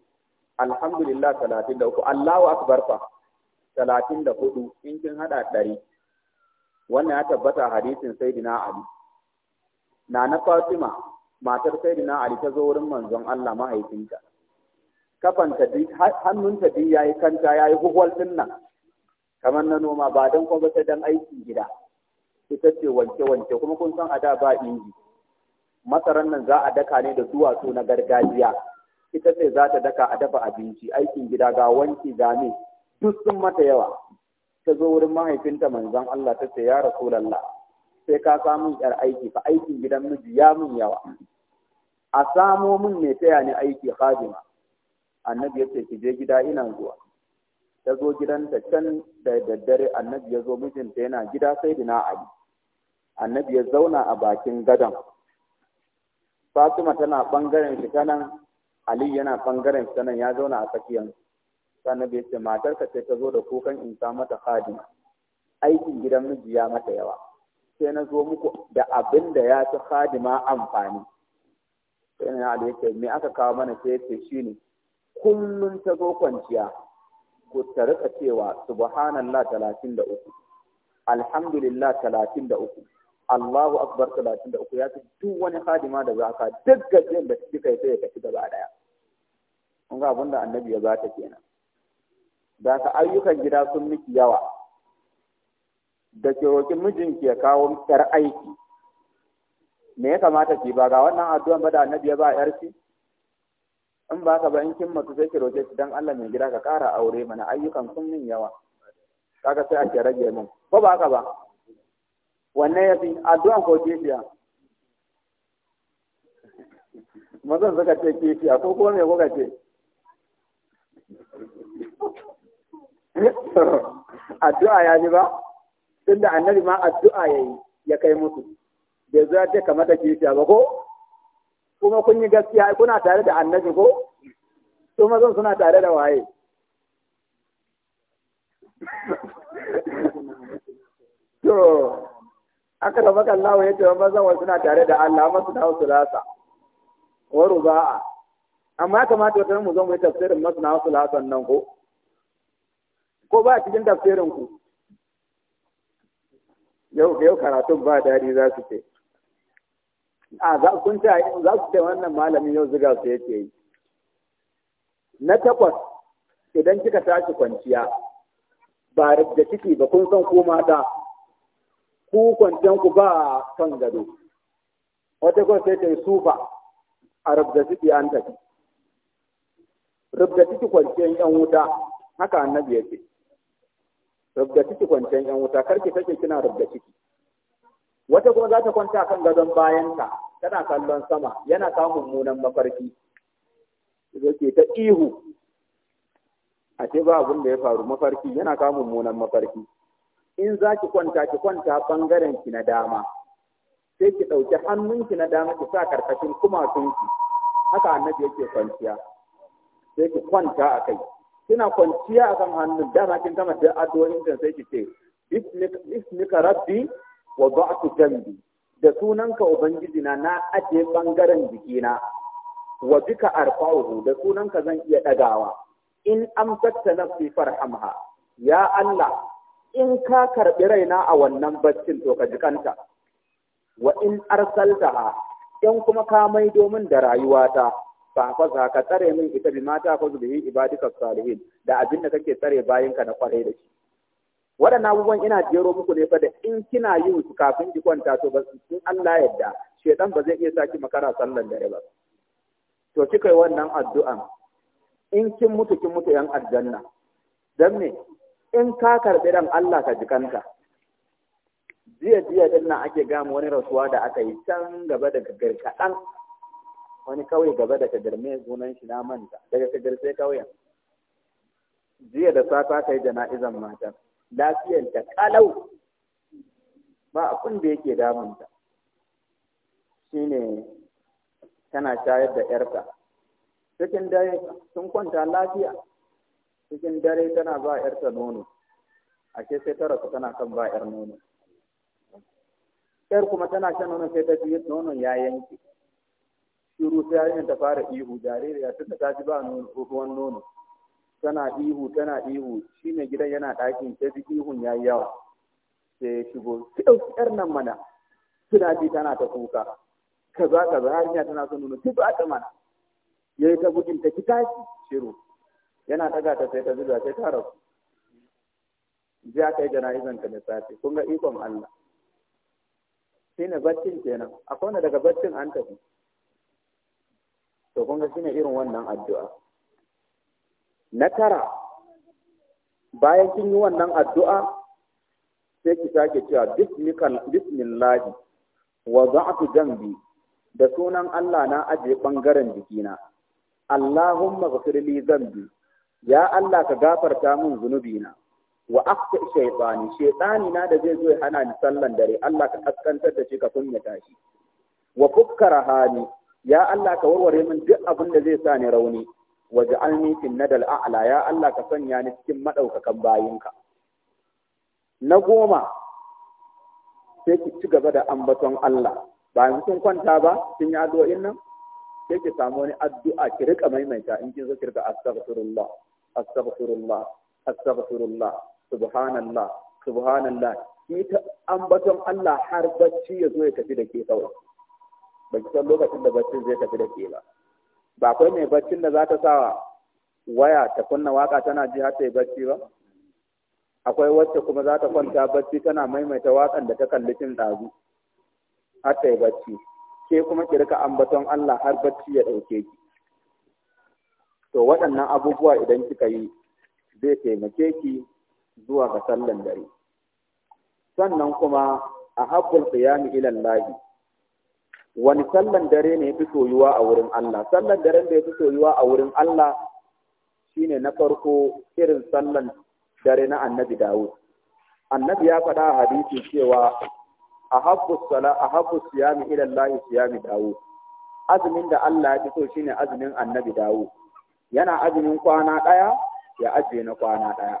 alhamdulillah talatin da uku allahu akbar fa talatin da hudu in kin haɗa ɗari wannan ya tabbata hadisin Sayyidina ali na na fatima matar saidina ali ta zo wurin manzon Allah mahaifinta kafanta hannunta duk yayi kanta yayi huhwal din nan kamar na noma ba dan kuma sai dan aikin gida ita ce wanke wanke kuma kun san a da ba inji masaran nan za a daka ne da duwatsu na gargajiya ita ce za ta daka a dafa abinci aikin gida ga wanki ga ne duk sun mata yawa ta zo wurin mahaifinta manzon Allah ta ce ya rasulullah sai ka samu yar aiki fa aikin gidan miji ya mun yawa a samo mun mai taya ni aiki khadima annabi ya ce ki je gida ina zuwa ta zo gidanta can da daddare annabi ya zo mijinta yana gida sai dina ali annabi ya zauna a bakin gadon fatima tana bangaren shi kanan ali yana bangaren shi kanan ya zauna a tsakiyar sannan bai ce matarka sai ta zo da kukan in sa mata khadima aikin gidan miji ya mata yawa sai na zo muku da abin da ya fi khadima amfani sai na ali yake me aka kawo mana sai yace shine kullum ta zo kwanciya ku ta rika cewa subhanallah talatin da uku alhamdulillah talatin da uku Allahu akbar talatin da uku ya fi duk wani khadima da za ka duk gajiyar da kika yi sai ka ci gaba daya kun ga abin da annabi ya zata kenan da ka ayyukan gida sun miki yawa da ke roƙi mijinki ya kawo yar aiki me ya kamata ki ba ga wannan addu'an ba da annabi ya ba yar ki in ba ka ba in kin mutu sai ki roƙe shi dan Allah mai gida ka ƙara aure mana ayyukan sun min yawa kaga sai ake rage min ko ba ka ba wannan fi addu'an ko kifiya mazan suka ce kifiya ko kuma me kuka ce addu'a ya ji ba da annabi ma addu'a ya yi, ya kai musu da zuwa ce kamar da kishiya ba ko kuma kun yi gaskiya kuna tare da annabi ko su mazan suna tare da waye to aka da maka lawa ya ce mazan wa suna tare da Allah amma suna wasu lasa wa ruba'a amma ya kamata wata mu zo mai yi tafsirin na wasu lasan nan ko ko ba cikin tafsirin ku yau yau karatu ba dadi za su ce a za ku ce za su ce wannan malamin yau zuga su yake yi na takwas idan kika tashi kwanciya ba da ciki ba kun san ko mata ku kwanciyan ku ba kan gado wata kawai sai ta yi sufa a rubda ciki an tafi rubda ciki kwanciyan yan wuta haka annabi ya ce rubda ciki kwanciyar yan wuta karki kake kina rubda ciki wata kuma za ta kwanta kan gadon bayanta tana kallon sama yana samun munan mafarki zo ke ta ihu a ce ba abin da ya faru mafarki yana samun munan mafarki in za ki kwanta ki kwanta bangaren ki na dama sai ki ɗauki hannunki na dama ki sa karkashin kumatunki haka annabi yake kwanciya sai ki kwanta a kai kina kwanciya a kan hannun dama kin gama da addu'o'in ka sai ki ce bismika rabbi wa ba'tu jambi da sunanka ubangiji na na aje bangaren jikina wa bika arfa'uhu da sunanka zan iya dagawa in amsakta nafsi farhamha ya Allah in ka karbi raina a wannan baccin to ka jikanta wa in arsaltaha in kuma ka maido min da rayuwata fahfaza ka tsare min ita bi mata fa bihi ibadika salihin da abin da kake tsare ka na kwarai da shi waɗannan abubuwan ina jero muku ne fa da in kina yin su kafin ki kwanta to ba in Allah yadda shedan ba zai iya saki makara sallan dare ba to kika yi wannan addu'an in kin mutu kin mutu yan aljanna dan me in ka karbi dan Allah ka jikanta jiya jiya din ake gama wani rasuwa da aka yi can gaba da kaɗan wani kawai gaba da kagar gunan shi na manta daga kagar sai kauyen jiya da safa kai jana'izan mata lafiyar ta kalau ba abin da yake damunta shine tana shayar da yarta cikin dare sun kwanta lafiya cikin dare tana ba yarta nono ashe sai ta rasu tana kan ba yar nono yar kuma tana shan nono sai ta ji nonon ya yanke shiru sai yarinyar ta fara ihu jaririya tun da ta ji ba ruwan nono tana ihu tana ihu shi mai gidan yana ɗakin ta ji ihun ya yi yawa sai ya shigo ki ɗauki ƴar nan mana suna ji tana ta kuka kaza kaza yarinya tana son nono ki ba ta mana ya yi ta bukin ta ki tashi shiru yana ɗaga ta sai ta zuba sai ta rasu jiya kai jana'izan ta da safe kun ga ikon Allah na baccin kenan akwai wanda daga baccin an tafi to kun ga shine irin wannan addu'a na tara bayan kin yi wannan addu'a sai ki sake cewa bismillahi wa za'atu jambi da sunan Allah na aje bangaren jikina Allahumma ghfir li zambi ya Allah ka gafarta min zunubina wa afta shaytani shaytani na da zai zo ya hana ni sallan dare Allah ka kaskantar da shi ka kunyata shi wa fukkara hani ya Allah ka warware min duk abin da zai sa ni rauni waj'alni fi nadal a'la ya Allah ka sanya ni cikin madaukakan bayinka na goma sai ki ci gaba da ambaton Allah ba yanzu kun kwanta ba kin yi addu'o'in nan sai ki samu wani addu'a ki rika maimaita in kin zo ki rika astaghfirullah astaghfirullah astaghfirullah subhanallah subhanallah ki ta ambaton Allah har bacci ya zo ya tafi da ke kawai ba ki san lokacin da baccin zai tafi da ke ba ba akwai mai baccin da za ta sa waya ta kunna waka tana ji har ta yi bacci ba akwai wacce kuma za ta kwanta bacci tana maimaita wakan da ta kalli cin ɗazu har ta yi bacci ke kuma ki rika ambaton Allah har bacci ya ɗauke ki to waɗannan abubuwa idan kika yi zai taimake ki zuwa ga sallan dare sannan kuma a habbul qiyami ila Allah wani sallan dare ne fi soyuwa a wurin Allah sallan daren da ya fi soyuwa a wurin Allah shine na farko irin sallan dare na annabi Dawud annabi ya faɗa a hadisi cewa haƙus sala haƙus siyami ila Allah siyami Dawud azumin da Allah ya fi so shine azumin annabi Dawud yana azumin kwana ɗaya ya ajiye na kwana ɗaya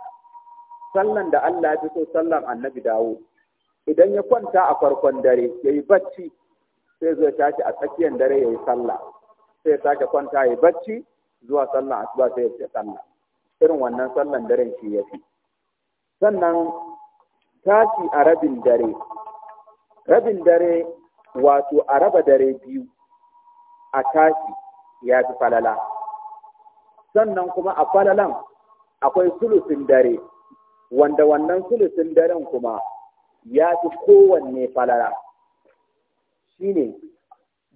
sallan da Allah ya fi so sallan annabi Dawud idan ya kwanta a farkon dare ya yi bacci sai zai tashi a tsakiyar dare ya yi sallah sai sake kwanta ya bacci zuwa sallah asuba sai ya fita sallah irin wannan sallan daren shi ya fi sannan tashi a rabin dare rabin dare wato a raba dare biyu a tashi ya fi falala sannan kuma a falalan akwai sulusin dare wanda wannan sulusin daren kuma ya fi kowanne falala Shi ne,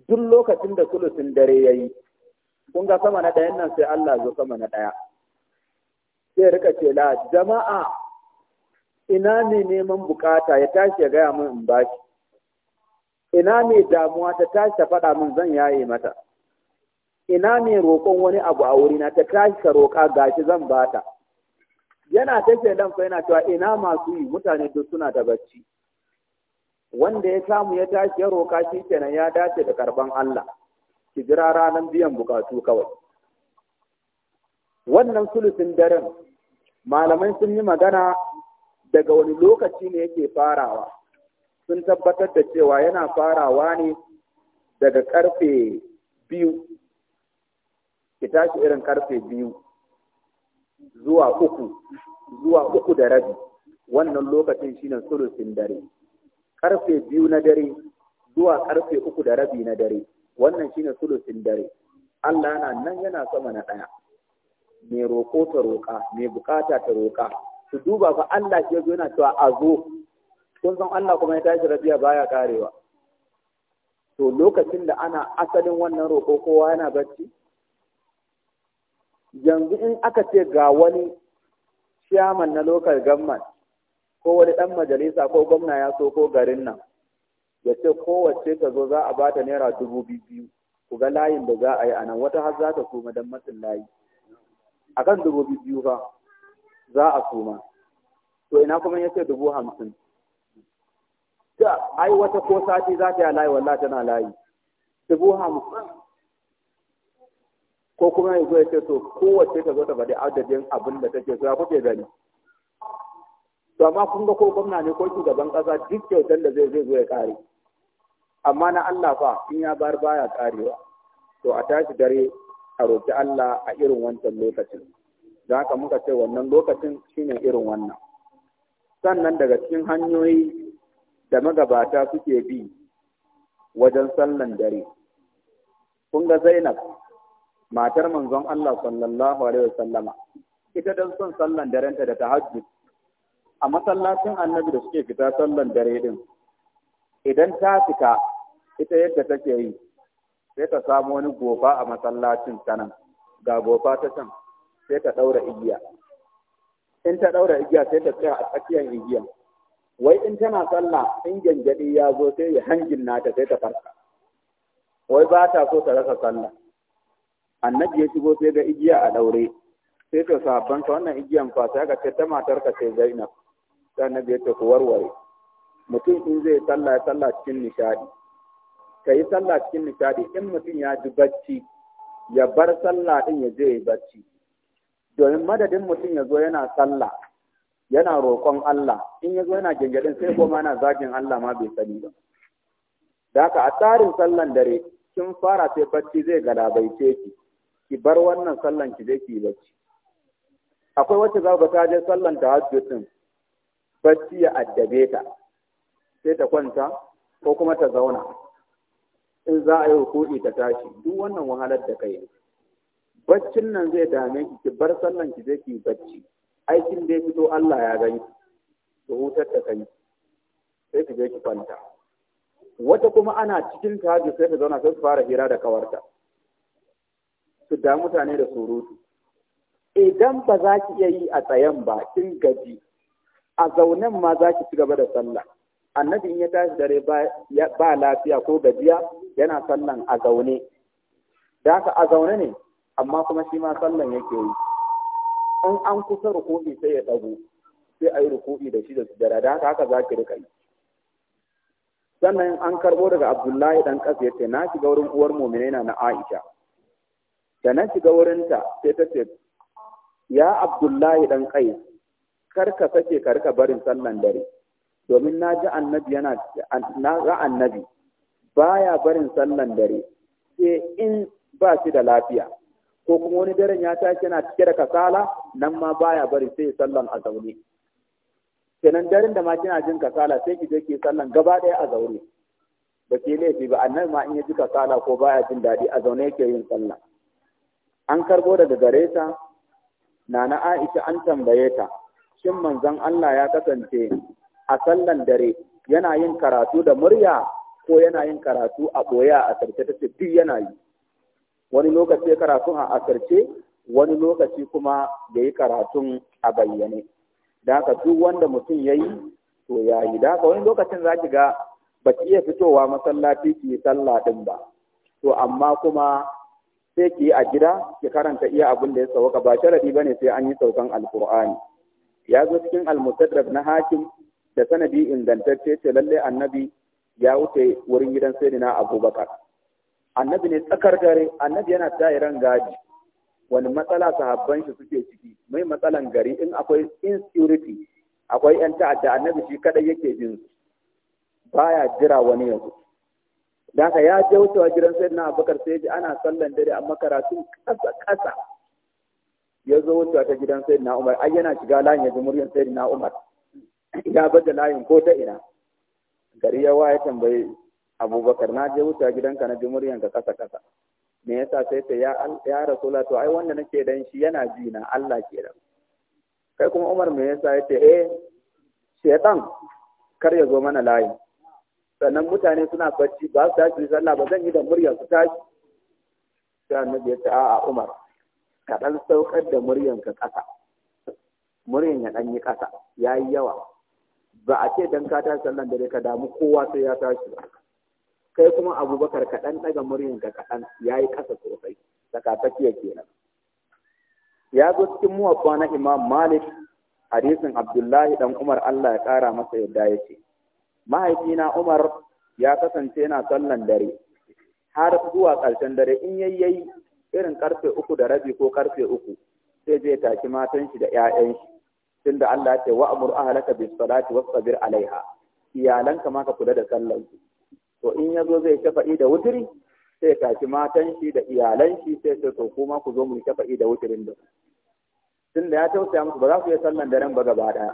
duk lokacin da sulusin dare ya yi, kun ga sama na ɗayan nan sai Allah zo sama na ɗaya sai rika ce la jama'a ina ne neman bukata ya tashi ya gaya min in bashi ina ne damuwa ta tashi ta faɗa min zan yaye mata ina ne roƙon wani abu a wurina ta tashi ka roƙa gashi zan bata yana ta shelan fa yana cewa ina masu yi mutane duk suna da bacci wanda ya samu ya tashi ya roka shi kenan ya dace da karban Allah ki jira ranar biyan bukatu kawai wannan sulusin daren malamai sun yi magana daga wani lokaci ne yake farawa sun tabbatar da cewa yana farawa ne daga karfe biyu ki tashi irin karfe biyu zuwa uku zuwa uku da rabi wannan lokacin shine sulusin dare karfe biyu na dare zuwa karfe uku da rabi na dare wannan shine sulusin dare Allah yana nan yana sama na ɗaya mai roƙo ta roƙa mai bukata ta roƙa su duba fa Allah ke zo yana cewa a zo kun san Allah kuma ya tashi rabiya baya karewa to lokacin da ana asalin wannan roƙo kowa yana bacci yanzu in aka ce ga wani shaman na lokal gamman ko wani ɗan majalisa ko gwamna ya so ko garin nan ya ce kowace ta zo za a ba ta naira dubu biyu ku ga layin da za a yi a nan wata har za ta suma don matsin layi a kan dubu biyu fa za a suma to ina kuma ya ce dubu hamsin ta ai wata ko sati za ta yi layi wallah tana layi dubu hamsin ko kuma ya zo ya ce to kowace ta zo ta faɗi adadin abin da take so ya kuke gani to amma kun ga ko gwamna ne ko shugaban kasa duk kyautar da zai zai zo ya kare amma na Allah fa in ya bar baya karewa to a tashi dare a roki Allah a irin wancan lokacin da haka muka ce wannan lokacin shine irin wannan sannan daga cikin hanyoyi da magabata suke bi wajen sallan dare kun ga Zainab matar manzon Allah sallallahu alaihi wasallama ita dan son sallan ta da tahajjud a masallacin annabi da suke fita sallan dare din idan ta fita ita yadda take yi sai ta samu wani gofa a masallacin ta nan ga gofa ta can sai ta ɗaura igiya in ta ɗaura igiya sai ta tsaya a tsakiyar igiya. wai in tana sallah in gyangyaɗi ya zo sai ya hangin nata sai ta farka wai ba ta so ta rasa sallah annabi ya shigo sai ga igiya a daure, sai ta sabanta wannan igiyan fa sai ga ta matar ka sai Zainab sai ya ku warware mutum in zai sallah ya sallah cikin nishadi ka yi sallah cikin nishadi in mutum ya ji bacci ya bar sallah din ya je yi bacci domin madadin mutum ya zo yana sallah yana roƙon Allah in ya zo yana gyangyaɗin sai goma yana zagin Allah ma bai sani ba da haka a tsarin sallan dare kin fara sai bacci zai galabaice ki ki bar wannan sallan ki je ki yi bacci akwai wacce za ta je sallan ta din bacci ya addabe ta sai ta kwanta ko kuma ta zauna in za a yi ruku'i ta tashi duk wannan wahalar da kai baccin nan zai dame ki ki bar sallan ki je ki bacci aikin da ya fito Allah ya gani ki hutar da kai sai ki je ki kwanta wata kuma ana cikin tahajjud sai ta zauna sai su fara hira da kawarta su da mutane da surutu idan ba za ki iya yi a tsayen ba kin gaji a zaunen ma za ki ci gaba da sallah annabi in ya tashi dare ba lafiya ko gajiya yana sallan a zaune da haka a zaune ne amma kuma shi ma sallan yake yi in an kusa ruku'i sai ya dago sai a yi ruku'i da shi da sujada da haka haka za ki rika yi sannan an karbo daga abdullahi dan kasa ya ce na shiga wurin uwar muminaina na aisha da na shiga wurinta sai ta ce ya abdullahi dan kai karka ka sake ka rika barin sallan dare domin na ji annabi yana na ga annabi baya barin sallan dare sai in ba shi da lafiya ko kuma wani daren ya tashi yana cike da kasala nan ma baya bari sai sallan a zaune kenan daren da ma kina jin kasala sai ki je ki sallan gaba daya a zaune ba ke laifi ba annan ma in ya ji kasala ko baya jin daɗi a zaune yake yin sallah an karbo daga gare ta nana Aisha an tambaye ta shin manzan Allah ya kasance a sallan dare yana yin karatu da murya ko yana yin karatu a boya a asirce ta duk yana yi wani lokaci karatun a asirce wani lokaci kuma ya yi karatun a bayyane da haka duk wanda mutum ya yi to ya yi da haka wani lokacin za ki ga ba ki iya fitowa masallaci ki yi sallah ɗin ba to amma kuma sai ki yi a gida ki karanta iya abin da ya sauka ba sharadi ne sai an yi saukan alkur'ani ya zo cikin al na hakim da sanadi ingantacce ce lalle annabi ya wuce wurin gidan sayyidina abubakar annabi ne tsakar dare annabi yana tsayiran gadi wani matsala sahabban shi suke ciki mai matsalan gari in akwai insecurity akwai yan ta'adda annabi shi kadai yake jin su baya jira wani ya da ya je wucewa gidan sayyidina abubakar sai ana sallan dare amma karatun kasa kasa ya zo wuta ta gidan sai na umar ai yana shiga layin ya ji muryar sai na umar ya bar layin ko ta ina gari yawa ya tambayi abubakar na je wuta gidan ka na ji muryar ka kasa kasa me yasa sai sai ya ya rasula to ai wanda nake dan shi yana ji na Allah da. kai kuma umar me yasa yace eh shaytan kar ya zo mana layi sannan mutane suna bacci ba su tashi sallah ba zan yi da muryar su tashi sai annabi ya ce a'a umar ka ɗan saukar da muryanka ƙasa muryan ya ɗan yi ƙasa ya yawa ba a ce dan ka tashi sallan dare ka damu kowa sai ya tashi ba kai kuma abubakar ka ɗan ɗaga muryanka kaɗan ya yi ƙasa sosai tsakatsakiya kenan ya zo cikin muwaffa na imam malik hadisin abdullahi dan umar allah ya ƙara masa yadda ya ce mahaifina umar ya kasance yana sallan dare har zuwa ƙarshen dare in yayyayi irin karfe uku da rabi ko karfe uku sai zai tashi matan shi da 'ya'yan shi tunda Allah ya ce wa amur ahlaka bis salati wasbir alaiha iyalanka ma ka kula da sallan su to in yazo zai shafa'i da wuturi sai tashi matan shi da iyalan shi sai sai to kuma ku zo mu shafa'i da wuturin da tunda ya tausaya musu ba za su yi sallan daren ba gaba daya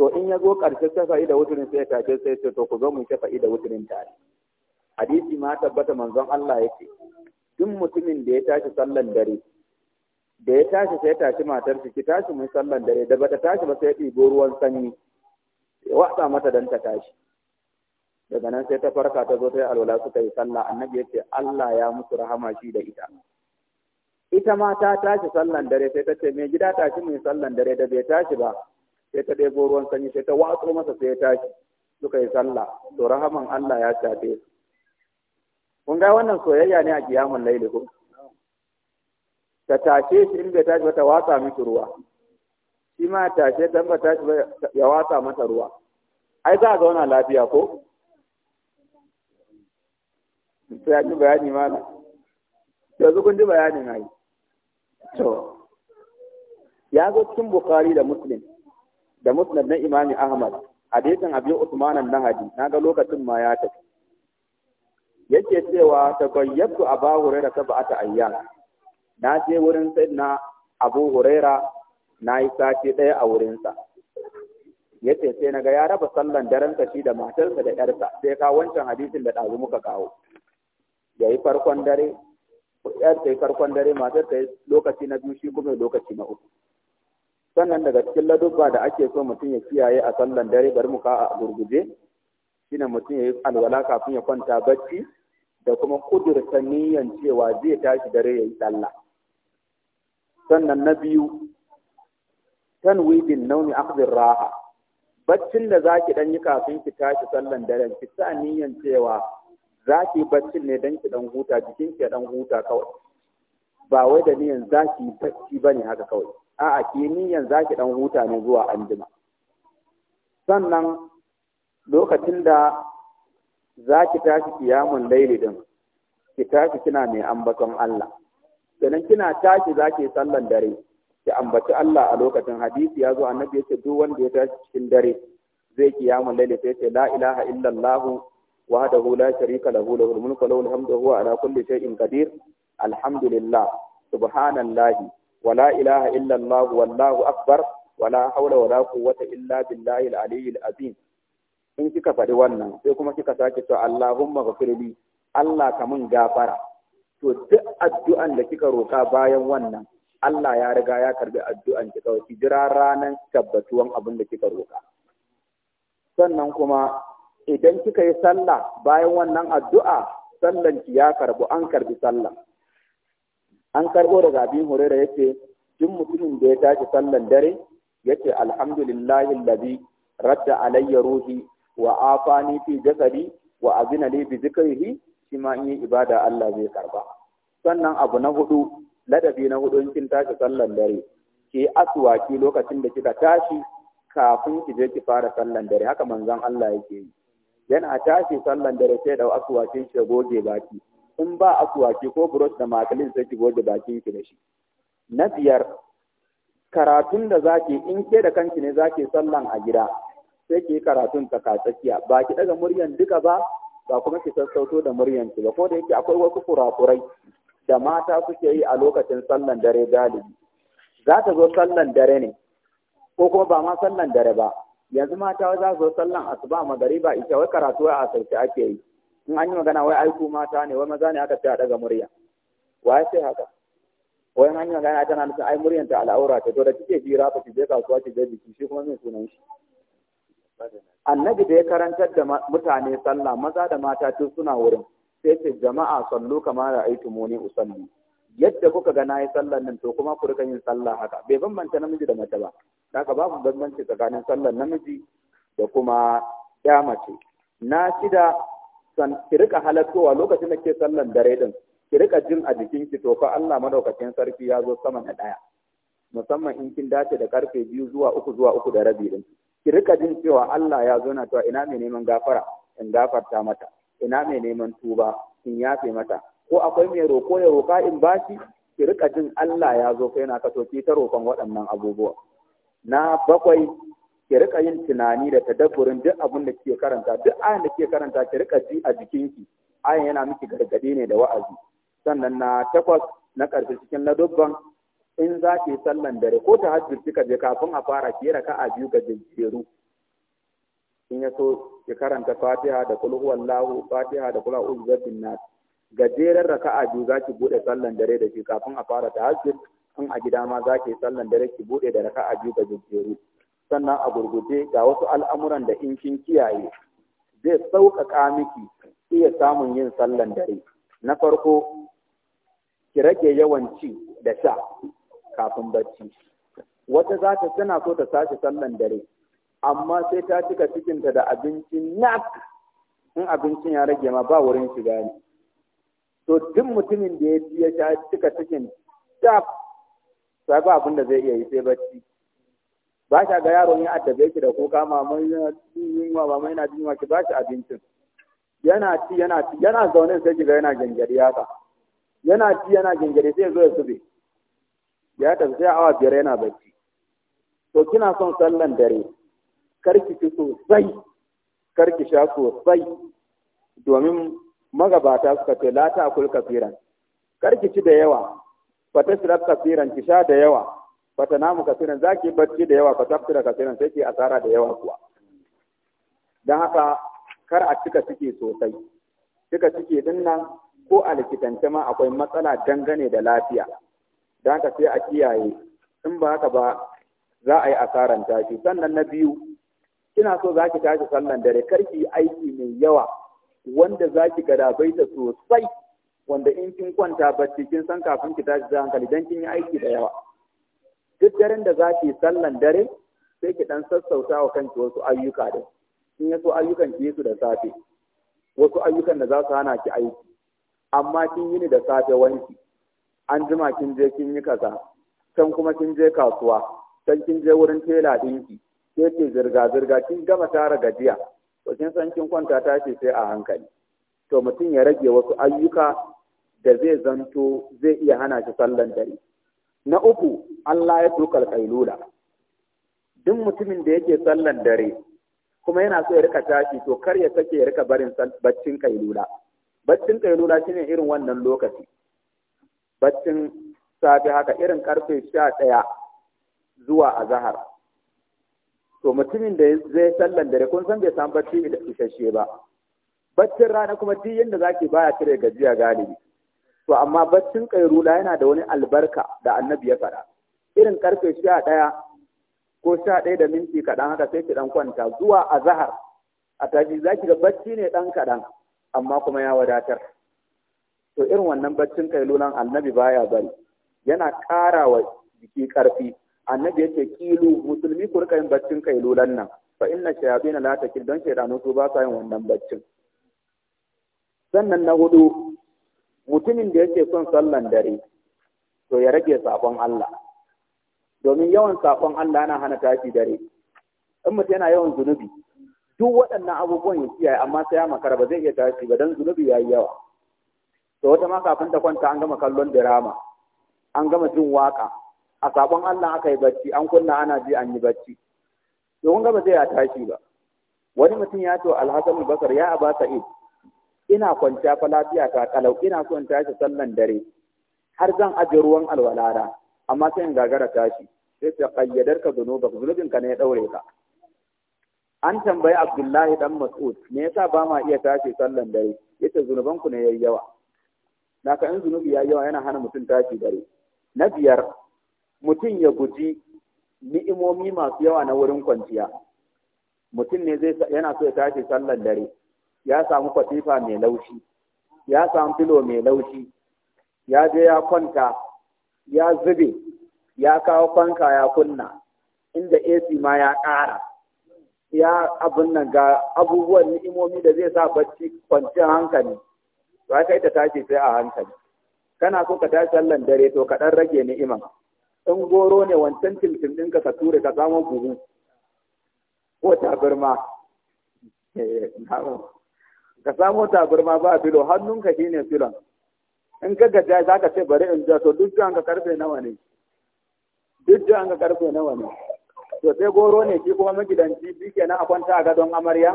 to in ya zo ƙarshe shafa'i da wuturin sai tashi sai sai to ku zo mu shafa'i da wuturin tare hadisi ma tabbata manzon Allah yake duk mutumin da ya tashi sallan dare da ya tashi sai tashi matar shi ki tashi mun sallan dare da bata tashi ba sai ɗibo ruwan sanyi ya watsa mata dan ta tashi daga nan sai ta farka ta zo ta yi alwala suka yi sallah annabi ya ce Allah ya musu rahama shi da ita ita ma ta tashi sallan dare sai ta ce me gida tashi mun sallan dare da bai tashi ba sai ta ɗebo ruwan sanyi sai ta watso masa sai ya tashi suka yi sallah to rahaman Allah ya shafe su kun ga wannan soyayya ne a kiyamun laili ko ta tashe shi in bai tashi ba ta watsa miki ruwa shi ma tashe dan ba tashi ba ya watsa mata ruwa ai za a zauna lafiya ko sai an ji bayani ma na. yanzu kun ji bayanin ai to ya zo cikin bukari da muslim da musnad na imami ahmad hadisin abu usman an-nahdi naga lokacin ma ya tafi yake cewa ta gayyatu a ba sab'ata ta ta ayyan na je wurin sayyidina abu hurera na yi sati ɗaya a wurinsa yace sai na ga ya raba sallan daren sa shi da matarsa da ƴarsa sai ka wancan hadisin da dazu muka kawo yayi farkon dare ƴar sai yi farkon dare matar ta yi lokaci na biyu shi kuma lokaci na uku sannan daga cikin ladubba da ake so mutum ya kiyaye a sallan dare bari mu ka a gurguje shine mutum ya yi alwala kafin ya kwanta bacci da kuma kudurta niyan cewa zai tashi dare ya yi sallah sannan na biyu tanwidin nauni akhdhir raha baccin da zaki ɗan yi kafin ki tashi sallan dare, ki sa niyan cewa zaki baccin ne don ki dan huta jikin ki dan huta kawai ba wai da niyan zaki bacci ba ne haka kawai a'a ki niyan zaki dan huta ne zuwa anjima sannan lokacin da za ki tashi kiyamun laili din ki tashi kina mai ambaton Allah sannan kina tashi za ki sallan dare ki ambaci Allah a lokacin hadisi ya zo annabi ya ce duk wanda ya tashi cikin dare zai kiyamun laili sai ce la ilaha illallah wahdahu la sharika lahu lahul mulku lahul hamdu huwa ala kulli shay'in qadir alhamdulillah subhanallahi wala ilaha illallah wallahu akbar wala hawla wala quwwata illa billahi al-aliyyil azim in kika faɗi wannan sai kuma kika sake to Allahumma ghafirli Allah ka mun gafara to duk addu'an da kika roka bayan wannan Allah ya riga ya karbi addu'an ki kawai ki jira ranan tabbatuwan abin da kika roka sannan kuma idan kika yi sallah bayan wannan addu'a sallan ki ya karbu an karbi sallah an karbo daga abin hurera yace duk mutumin da ya tashi sallan dare yace alhamdulillahi alladhi radda alayya ruhi wa afani fi jasadi wa azina li bi zikrihi shi ma ibada Allah zai karba sannan abu na hudu ladabi na hudu kin tashi sallan dare ki aswaki lokacin da kika tashi kafin ki je ki fara sallan dare haka manzon Allah yake yi yana tashi sallan dare sai da aswakin shi goge baki in ba ki ko brush da makalin sai ki goge bakin ki da shi na biyar karatun da zaki in ke da kanki ne zaki sallan a gida sai ke yi karatun tsakatsakiya ba ki daga muryan duka ba ba kuma ki sassauto da muryan ki ba ko da yake akwai wasu kurakurai da mata suke yi a lokacin sallan dare galibi za ta zo sallan dare ne ko kuma ba ma sallan dare ba yanzu mata za su zo sallan asuba magariba ita wai karatu a asirce ake yi in an yi magana wai aiku mata ne wai maza ne aka ce a daga murya wai sai haka wai an yi magana tana nufin ai muryan ta al'aura ta to da kike jira ba ki je kasuwa ki je biki shi kuma mai sunan shi annabi da ya karantar da mutane sallah maza da mata tun suna wurin sai ce jama'a sallu kamar ra'aytu muni usalli yadda kuka ga nayi sallan nan to kuma ku rika yin sallah haka bai bambanta namiji da mace ba aka babu bambanci tsakanin sallan namiji da kuma ya mace na shida san ki rika halattowa lokacin da ke sallar dare din ki rika jin a jikin ki to fa Allah madaukakin sarki ya zo sama na daya musamman in kin dace da karfe biyu zuwa uku zuwa uku da rabi din ki rika jin cewa Allah ya zo na cewa ina mai neman gafara in gafarta mata ina mai neman tuba in yafe mata ko akwai mai roko ya roka in bashi ki rika jin Allah ya zo kai na ka to ki ta roƙon waɗannan abubuwa na bakwai ki rika yin tunani da tadabburin duk abin da kike karanta duk ayan da kike karanta ki rika ji a jikinki ayan yana miki gargadi ne da wa'azi sannan na takwas na ƙarshe cikin ladubban in za ki sallan dare ko ta hajjir kika je kafin a fara ki raka a biyu ga jinjeru in ya so ki karanta fatiha da kul huwallahu fatiha da kul a'udhu birabbin nas gajeren raka'a biyu za ki bude sallan dare da shi kafin a fara ta tahajjud in a gida ma za ki sallan dare ki bude da raka'a biyu ga jinjeru sannan a gurguje ga wasu al'amuran da in kin kiyaye zai sauƙaƙa miki iya samun yin sallan dare na farko ki rage yawan ci da sha kafin bacci wata za ta tana so ta sashi sallan dare amma sai ta cika cikinta da abinci nak in abincin ya rage ma ba wurin shiga ne to duk mutumin da ya ci ya sha cika cikin tap sai ba abin da zai iya yi sai bacci ba shi ga yaro ya addabe ki da kuka mama yana yunwa mama yana yunwa, ki ba shi abincin yana ci yana ci yana zaune sai ki ga yana gangari haka yana ci yana gangari sai zo ya zube ya tafi sai awa biyar yana bacci to kina son sallan dare karki ci sosai karki sha sosai domin magabata suka ce la ta kul kafiran karki ci da yawa fa tashrab kafiran ki sha da yawa fa tanamu kafiran zaki bacci da yawa fa tafsira kafiran sai ki asara da yawa kuwa dan haka kar a cika ciki sosai cika ciki din nan ko a likitance ma akwai matsala dangane da lafiya Da haka sai a kiyaye in ba haka ba za a yi asaran tashi sannan na biyu kina so za ki tashi sallan dare karki aiki mai yawa wanda za ki ta sosai wanda in kin kwanta bacci kin san kafin ki tashi zan hankali dan kin yi aiki da yawa duk daren da za ki sallan dare sai ki dan sassauta wa kanki wasu ayyuka da Kin yaso ayyukan ki su da safe wasu ayyukan da za su hana ki aiki amma kin yi ni da safe wanki an jima kin je kin yi kaza can kuma kin je kasuwa can kin je wurin tela ɗinki ke ce zirga zirga kin gama tara gajiya to kin san kin kwanta tashi sai a hankali to mutum ya rage wasu ayyuka da zai zanto zai iya hana shi sallan dare na uku Allah ya tukal kailula duk mutumin da yake sallan dare kuma yana so ya rika tashi to kar ya sake ya rika barin baccin kailula baccin kailula shine irin wannan lokaci baccin safe haka irin karfe sha ɗaya zuwa a zahar, to mutumin da zai sallan dare kun san bai samu bacci isasshe ba baccin rana kuma duk yadda zaki baya cire gajiya galibi to amma baccin kairula yana da wani albarka da annabi ya faɗa irin karfe sha ɗaya ko sha ɗaya da minti kaɗan haka sai ki ɗan kwanta zuwa a zahar a tashi zaki ga bacci ne ɗan kaɗan amma kuma ya wadatar to irin wannan baccin kai lulan, annabi baya bari yana ƙara wa jiki ƙarfi annabi yake kilu musulmi ku rika yin baccin lulan nan fa inna shayabin la takil don shaydanu su ba sa yin wannan baccin sannan na hudu mutumin da yake son sallan dare to ya rage sakon Allah domin yawan sakon Allah yana hana tashi dare in mutum yana yawan zunubi duk waɗannan abubuwan ya kiyaye amma sai ya makara ba zai iya tashi ba dan zunubi yayi yawa da wata ma kafin ta kwanta an gama kallon dirama an gama jin waka a sabon Allah aka yi bacci an kunna ana ji an yi bacci to kun ba zai ya tashi ba wani mutum ya ce alhassan basar ya aba sa'id ina kwanciya fa lafiya ta kalau ina so in tashi sallan dare har zan aje ruwan alwalara. amma sai in gagara tashi sai ta kayyadar ka zunuba zunubin ka ne ya daure ka an tambayi abdullahi dan mas'ud me yasa ba ma iya tashi sallan dare yace zunuban ku ne yayi naka in zunubi ya yawa yana hana mutum tashi dare na biyar mutum ya guji ni'imomi masu yawa na wurin kwanciya mutum ne zai yana so ya tashi sallar dare ya samu katifa mai laushi ya samu filo mai laushi ya je ya kwanta ya zube ya kawo fanka ya kunna inda AC ma ya ƙara ya abin nan ga abubuwan ni'imomi da zai sa bacci kwanciyar hankali to ai kai ta tashi sai a hankali kana so ka tashi sallan dare to ka dan rage ni'iman in goro ne wancan timtim ɗinka ka ture ka samu buhu ko tabarma eh, ka samu tabarma ba filo hannunka shi ne filon in ka gaja za ka ce bari in ja to duk ka karfe nawa ne duk ka karfe nawa ne to sai goro ne shi kuma magidanci shi kenan a kwanta a gadon amarya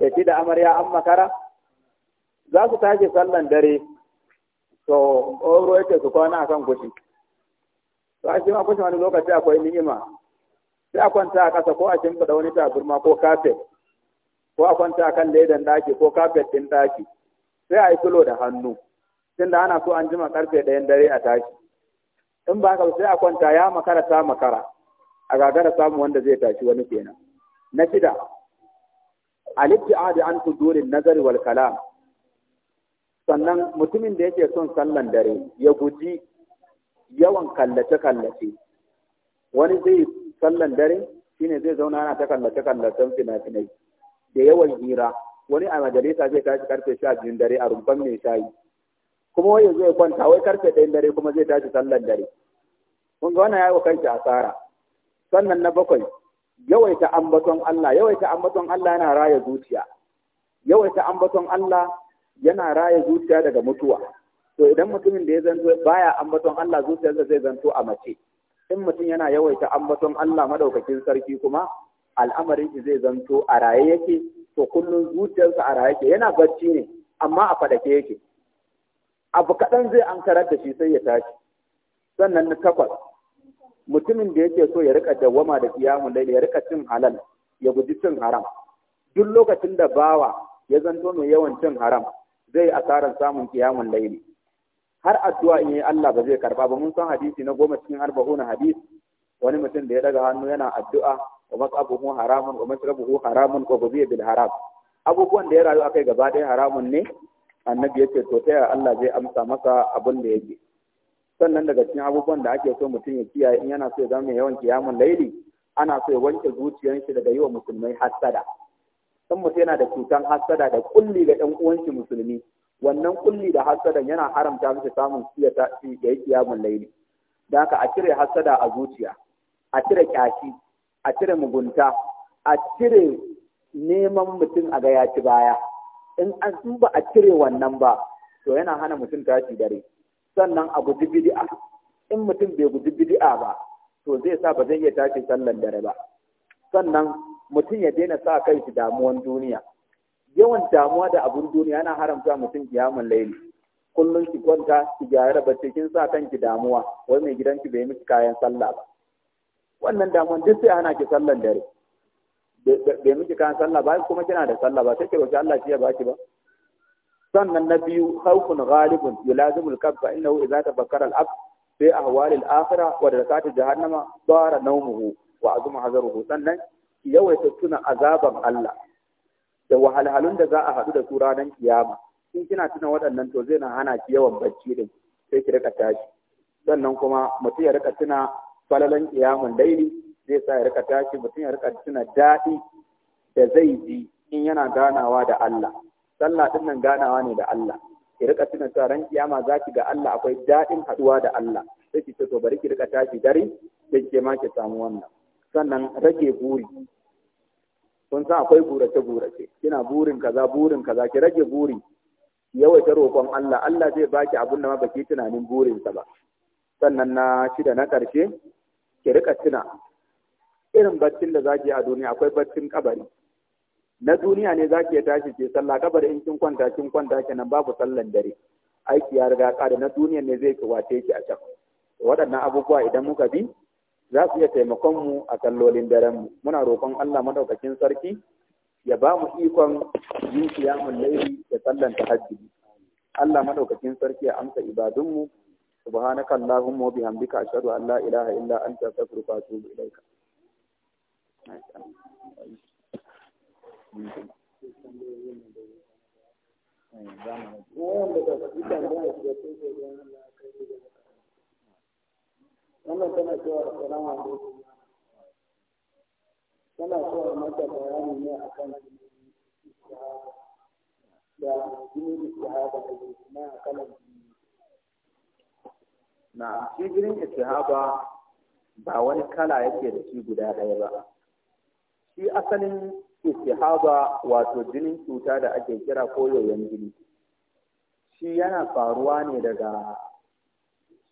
da shi da amarya an makara za su tashi sallan dare to oro yake su kwana a kan kushi to a ma kushi wani lokaci akwai ni'ima sai a kwanta a ƙasa ko a shimfiɗa wani tagurma ko kafet ko a kwanta a kan ledan ɗaki ko kafet ɗin ɗaki sai a yi filo da hannu tunda ana so an jima ƙarfe ɗayan dare a tashi in ba haka sai a kwanta ya makara ta makara a gagara samu wanda zai tashi wani kenan na shida al adi an sudurin nazari wal kalam sannan mutumin da yake son sallan dare ya guji yawan kallace-kallace wani zai sallan dare shine zai zauna ana ta kallace kallace fina-finai da yawan hira wani a majalisa zai tashi karfe sha biyun dare a rumfan mai shayi kuma wai zai ya kwanta wai karfe ɗayan dare kuma zai tashi sallan dare kun ga wannan ya yi wa kanshi asara sannan na bakwai yawaita ambaton Allah yawaita ambaton Allah yana raya zuciya yawaita ambaton Allah yana raya zuciya daga mutuwa to idan mutumin da ya zanto baya ambaton Allah zuciyarsa zai zanto a mace in mutum yana yawaita ambaton Allah madaukakin sarki kuma al'amarin shi zai zanto a raye yake to kullum zuciyarsa a raye yake yana barci ne amma a fadake yake abu kaɗan zai an karar da shi sai ya tashi sannan na takwas mutumin da yake so ya rika dawwama da kiyamun laili ya rika cin halal ya guji cin haram duk lokacin da bawa ya zanto mai yawan cin haram zai asaran samun kiyamun laili har addu'a in yi Allah ba zai karba ba mun san hadisi na goma cikin arba'u na hadis wani mutum da ya daga hannu yana addu'a wa masabuhu haramun wa mashrabuhu haramun wa gubiya bil haram abubuwan da ya rayu akai gaba ɗaya haramun ne annabi ya ce to ta Allah zai amsa masa abin da yake sannan daga cikin abubuwan da ake so mutum ya kiyaye in yana so ya zama mai yawan kiyamun laili ana so ya wanke zuciyar shi daga yi wa musulmai hassada in mutum yana da cutar hassada da kulli ga ɗan uwanshi musulmi wannan kulli da hassadan yana haramta musu samun siyata ya yi kiyamun laili da haka a cire hassada a zuciya a cire kyashi a cire mugunta a cire neman mutum a ga ya ci baya in an ba a cire wannan ba to yana hana mutum tashi dare sannan a guji bid'a in mutum bai guji bid'a ba to zai sa ba zai iya tashi sallan dare ba sannan mutum ya daina sa kai shi damuwan duniya yawan damuwa da abun duniya yana haramta mutum kiyamun laili kullum ki kwanta ki gyara bacci kin sa kanki damuwa wai mai gidanki bai miki kayan sallah ba wannan damuwan duk sai ana ki sallan dare bai miki kayan sallah ba kuma kina da sallah ba take ki roki Allah shi ya baki ba sannan na biyu khawfun ghalibun yulazimul kabba innahu idza tafakkara al-abd fi ahwali al-akhirah wa darakatil jahannama dara nawmuhu wa azuma hazaruhu sannan yawaita tuna azaban Allah da wahalhalun da za a haɗu da su ranar kiyama in kina tuna waɗannan to zai na hana ki yawan bacci din sai ki rika tashi sannan kuma mutum ya rika tuna falalan kiyamun laili zai sa ya rika tashi mutum ya rika tuna daɗi da zai ji in yana ganawa da Allah sallah din nan ganawa ne da Allah ki rika tuna cewa ran kiyama za ki ga Allah akwai daɗin haɗuwa da Allah sai ki ce to bari ki rika tashi dare sai ki ma ki samu wannan sannan rage buri kun san akwai burace burace kina burin kaza burin kaza ki rage buri yawaita roƙon Allah Allah zai baki abin da ma baki tunanin burinsa ba sannan na shida na ƙarshe ki rika tuna irin baccin da zaki a duniya akwai baccin kabari na duniya ne zaki ya tashi ke sallah kabari in kin kwanta kin kwanta kenan babu sallan dare aiki ya riga ƙara na duniya ne zai wace ki a can waɗannan abubuwa idan muka bi za su iya taimakonmu a kallolin daren mu muna roƙon Allah madaukakin sarki ya ba mu ikon yin kiyamun laifi da sallan tahajjudi Allah madaukakin sarki ya amsa ibadunmu subhanaka allahumma wa bihamdika ashhadu an la ilaha illa anta astaghfiruka wa atubu ilaika Thank wannan tana cewa assalamu alaikum tana cewa mata bayani ne akan da jinin istihaba da kuma jini. na shi jinin istihaba ba wani kala yake da shi guda ɗaya ba shi asalin istihaba wato jinin cuta da ake kira koyoyon jini shi yana faruwa ne daga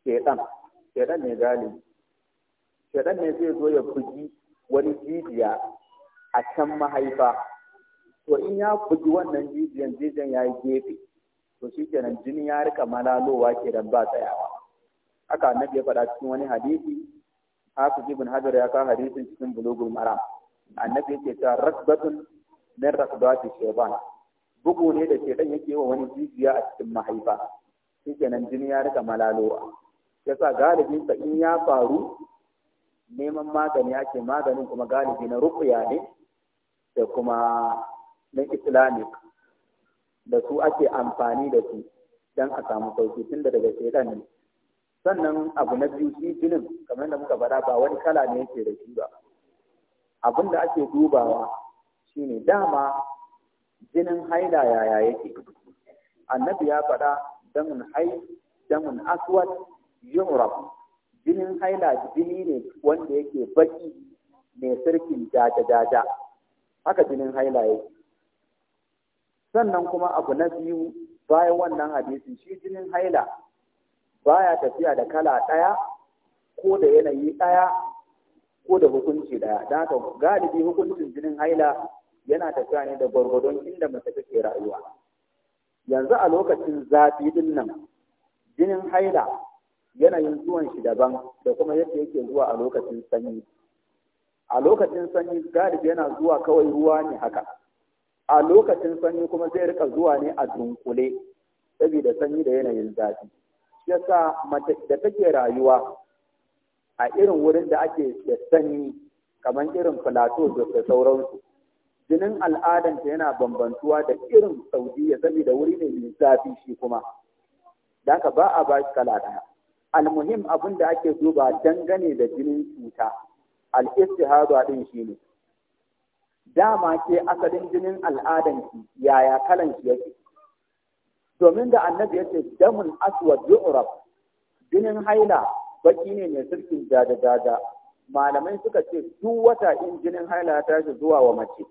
shedan shaɗan ne gali shaɗan ne zai zo ya bugi wani jijiya a can mahaifa to in ya bugi wannan jijiyan jijiyan ya yi gefe to shi kenan jini ya rika malalowa ke da ba tsayawa haka annabi ya faɗa cikin wani hadisi hafiz ibn hajar ya kawo hadisin cikin bulugul maram annabi yake cewa rasbatun min rakbati shaytan bugu ne da shaytan yake wa wani jijiya a cikin mahaifa shi kenan jini ya rika malalowa yasa galibin sa in ya faru neman magani ake maganin kuma galibi na ruqya ne da kuma na islamic da su ake amfani da su dan a samu sauki tunda daga shedan ne sannan abu na biyu shi jinin kamar da muka faɗa ba wani kala ne yake da shi ba abin da ake dubawa shine dama jinin haila yaya yake annabi ya faɗa damun hai damun aswad yu'rab jinin haila jini ne wanda yake baki mai sarkin jaja jaja haka jinin haila yake sannan kuma abu na biyu bayan wannan hadisin shi jinin haila baya tafiya da kala ɗaya ko da yanayi ɗaya ko da hukunci ɗaya don haka galibi hukuncin jinin haila yana tafiya ne da gwargwadon inda mace take rayuwa yanzu a lokacin zafi din nan jinin haila yanayin zuwan shi daban da kuma yadda yake zuwa a lokacin sanyi a lokacin sanyi galibi yana zuwa kawai ruwa ne haka a lokacin sanyi kuma zai rika zuwa ne a dunkule saboda sanyi da yanayin zafi shi yasa mace da take rayuwa a irin wurin da ake da sanyi kamar irin filato da sauransu jinin al'adanta yana bambantuwa da irin saudiya saboda wuri ne mai zafi shi kuma da haka ba a ba shi kala ɗaya almuhim abin da ake duba dangane da jinin cuta al-istihada din ne. dama ke asalin jinin al'adanki yaya kalan shi yake domin da annabi ya ce damun aswad yu'rab jinin haila baki ne mai sirkin jada jaja malamai suka ce duk wata in jinin haila ya tashi zuwa wa mace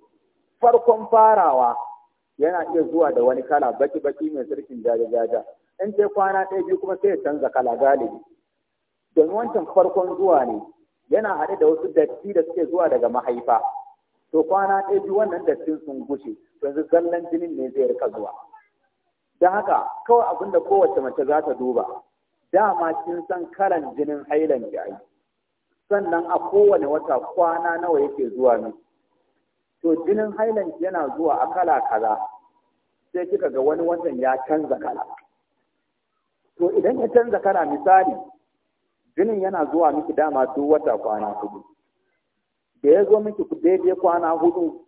farkon farawa yana iya zuwa da wani kala baki baki mai sirkin jada jada in sai kwana ɗaya biyu kuma sai ya canza kala galibi domin wancan farkon zuwa ne yana haɗe da wasu datti da suke zuwa daga mahaifa to kwana ɗaya biyu wannan dattin sun gushe yanzu zallan jinin ne zai rika zuwa Da haka kawai abin da kowace mace za ta duba dama kin san kalan jinin hailan ki ai sannan a kowane wata kwana nawa yake zuwa ne. to jinin hailan yana zuwa a kala kaza sai kika ga wani watan ya canza kala to idan ya canza kana misali jinin yana zuwa miki dama duk wata kwana hudu da ya zo miki daidai kwana hudu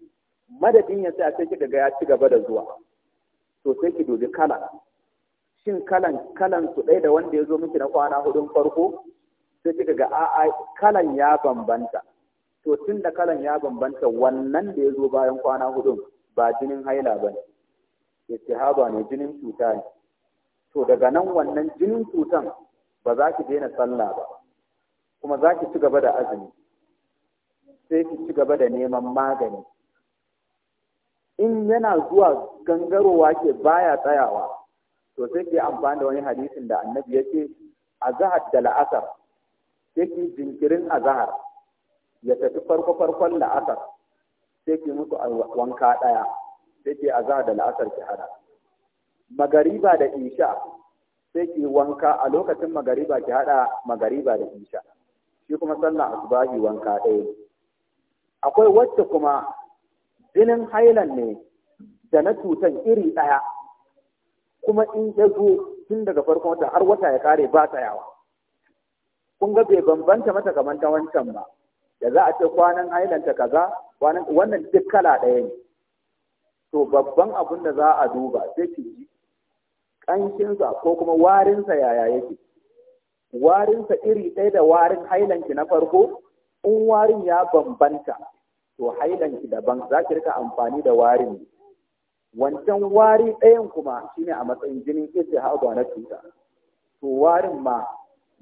madadin ya sai a sai daga ya ci gaba da zuwa to sai ki dubi kala shin kalan kalan su ɗaya da wanda ya zo miki na kwana hudun farko sai kika ga a'a kalan ya bambanta to tun da kalan ya bambanta wannan da ya zo bayan kwana hudun ba jinin haila ba ne istihaba ne jinin cuta ne to daga nan wannan jinin cutan ba za ki daina sallah ba kuma za ki ci gaba da azumi sai ki ci gaba da neman magani in yana zuwa gangarowa ke baya tsayawa to sai ki amfani da wani hadisin da annabi ya ce azahar da la'asar sai ki jinkirin azahar ya tafi farko farkon la'asar sai ki musu wanka ɗaya sai ki azahar da la'asar ki hada magariba da isha sai ki wanka a lokacin magariba ki hada magariba da isha shi kuma sallah asubahi wanka ɗaya akwai wacce kuma jinin hailan ne da na cutan iri ɗaya kuma in ya zo tun daga farkon wata har wata ya kare ba tsayawa kun ga bai bambanta mata kamar ta wancan ba da za a ce kwanan hailanta kaza wannan duk kala ɗaya ne to babban abin da za a duba sai ki ƙanshinsa ko kuma warinsa yaya yake warinsa iri ɗaya da warin hailanki na farko in warin ya bambanta to hailanki daban za ki rika amfani da warin wancan wari ɗayan kuma shine a matsayin jinin haɗuwa na cuta to warin ma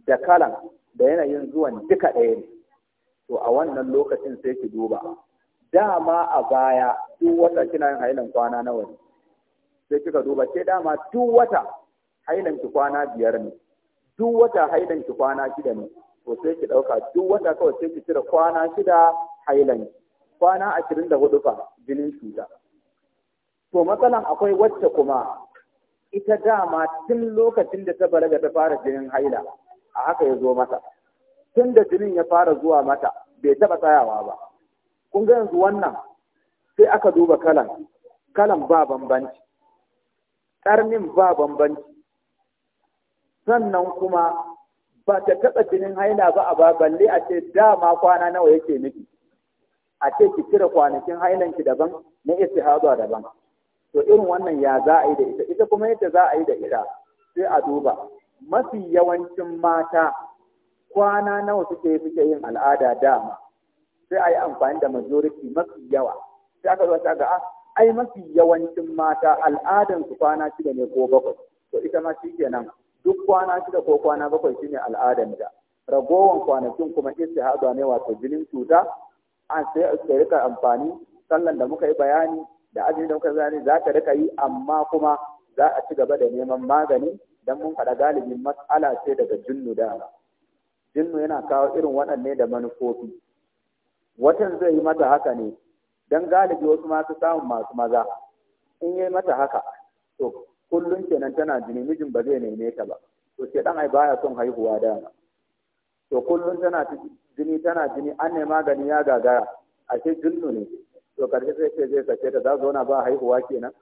da kalan da yanayin zuwan duka ɗaya ne to a wannan lokacin sai ki duba dama a baya duk wata kina yin hailan kwana nawa ne sai kika duba ce, dama duk wata hailan ki kwana biyar ne duk wata hailan ki kwana shida ne to sai ki dauka duk wata kawai sai ki cire kwana shida hailan kwana ashirin da hudu fa jinin cuta to matsalan akwai wacce kuma ita dama tun lokacin da ta balaga ta fara jinin haila a haka ya zo mata tun da jinin ya fara zuwa mata bai taba tsayawa ba kun ga yanzu wannan sai aka duba kalan kalan ba bambanci ƙarnin ba bambanci sannan kuma ba ta taɓa jinin haila ba a ba balle a ce dama kwana nawa yake miki a ce ki cire kwanakin hailanki daban na istihaba daban to irin wannan ya za a yi da ita ita kuma yadda za a yi da ita sai a duba mafi yawancin mata kwana nawa suke suke yin al'ada dama sai a yi amfani da majority mafi yawa sai aka ta ga ah, ai mafi yawancin mata al'adan su kwana shida ne ko bakwai to ita ma shi kenan duk kwana shida ko kwana bakwai shine al'adan ta ragowan kwanakin kuma haɗuwa ne wato jinin cuta an sai ka rika amfani sallan da muka yi bayani da azumi da muka bayani za ka rika yi amma kuma za a ci gaba da neman magani dan mun faɗa galibin mas'ala ce daga jinnu dama jinnu yana kawo irin waɗanne da manufofi watan zai yi mata haka ne dan galibi wasu masu samun masu maza in yi mata haka to kullum kenan tana jini mijin ba zai neme ta ba to dan ai baya son haihuwa dama to kullum tana jini tana jini an ne magani ya gagara ashe jinnu ne to karshe sai ce zai sace ta za zauna ba haihuwa kenan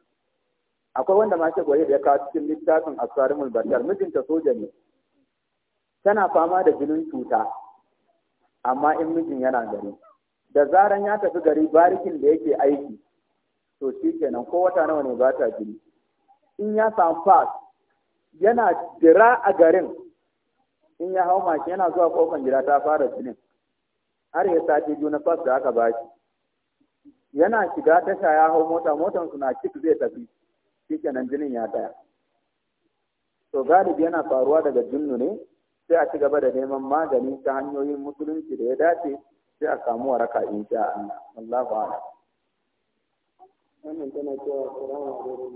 akwai wanda ma shagwaye da ya kawo cikin littafin asarimul bashar mijinta soja ne tana fama da jinin cuta amma in mijin yana gari da zaran ya tafi gari barikin da yake aiki to shi kenan ko wata nawa ne ba ta jini in ya samu fas yana jira a garin in ya hau mashi yana zuwa kofan gida ta fara jinin har ya sati biyu na fas da aka shi yana shiga tasha ya hau mota motan suna cik zai tafi shi kenan jinin ya tsaya to galibi yana faruwa daga jinnu ne sai a ci gaba da neman magani ta hanyoyin musulunci da ya dace sai a samu waraka in sha Allah wallahu a'lam wannan tana cewa salamu alaikum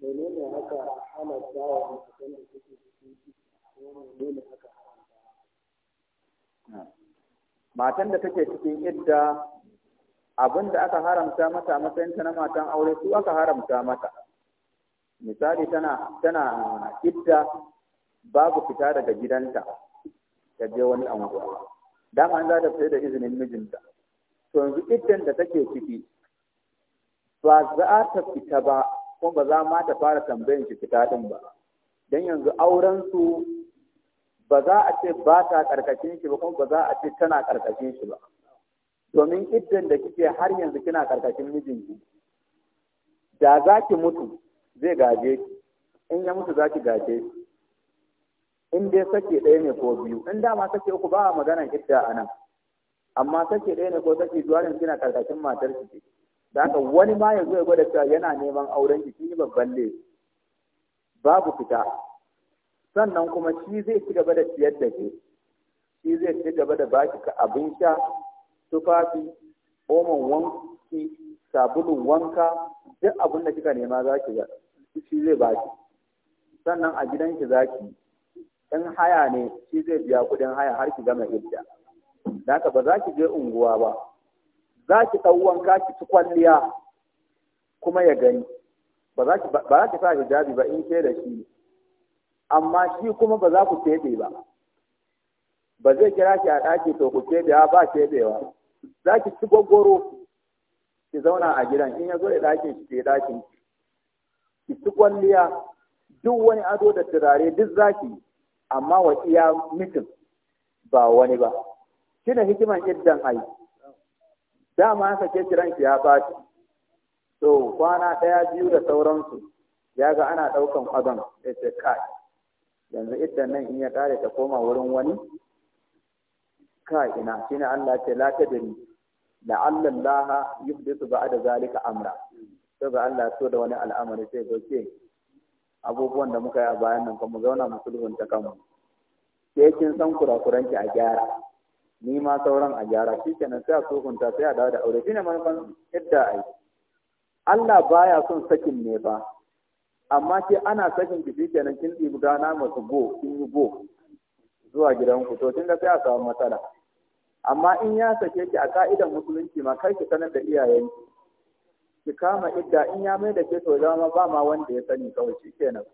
menene haka ana wa da suke cikin ciki menene haka matan da take cikin idda abin da aka haramta mata matsayinta na matan aure su aka haramta mata misali tana tana idda babu fita daga gidanta ta je wani anguwa dama an za ta fita da izinin mijinta to yanzu idan da take ciki ba za ta fita ba ko ba za ma ta fara tambayin shi fita din ba don yanzu auren su ba za a ce ba ta karkashin shi ba kuma ba za a ce tana karkashin shi ba domin idan da kike har yanzu kina karkashin mijinki da za ki mutu zai gaje ki in ya mutu za ki gaje ki in dai sake ɗaya ne ko biyu in dama sake uku ba a maganan idda a nan amma sake ɗaya ne ko sake biyu ne kina karkashin matar ki da haka wani ma ya zo ya gwada cewa yana neman auren shi shi babban ne babu fita sannan kuma shi zai ci gaba da ciyar da ke shi zai ci gaba da baki ka abin sha tufafi omon wanki sabulun wanka duk abin da kika nema za ki ga, shi zai baki sannan a gidan ki za ki in haya ne shi zai biya kuɗin haya har ki gama hijja da haka ba za ki je unguwa ba za ki ɗau wanka ki ci kwalliya kuma ya gani ba za ki sa hijabi ba in ke da shi amma shi kuma ba za ku keɓe ba ba zai kira ki a ɗaki to ku keɓe ba keɓewa za ki ci gwaggwaro ki zauna a gidan in ya zo da ɗakin ki ke ɗakin ki ci kwalliya duk wani ado da turare duk zaki amma wa iya mutum ba wani ba shi ne hikiman iddan ai dama haka ke kiran shi ya baci to kwana ɗaya biyu da sauransu ya ga ana ɗaukan kwadon ya ce kai yanzu iddan nan in ya ƙare ta koma wurin wani kai ina shi ne Allah ce la ta dari la'alla Allah ba da zalika amra sai Allah so da wani al'amari sai goke abubuwan da muka yi a bayan nan kuma zauna mu sulhunta kanmu sai kin san kurakuran ki a gyara ni ma sauran a gyara shi kenan sai a tsohunta sai a dawo da aure shine manufan yadda yi? Allah baya son sakin ne ba amma ke ana sakin ki shi kenan kin ɗibi gana masu go kin yi go zuwa ku to kin da sai a samu matsala amma in ya sake ki a ka'idan musulunci ma kai ki sanar da iyayenki ki kama idda in ya mai da ke to zama ba ma wanda ya sani kawai shi kenan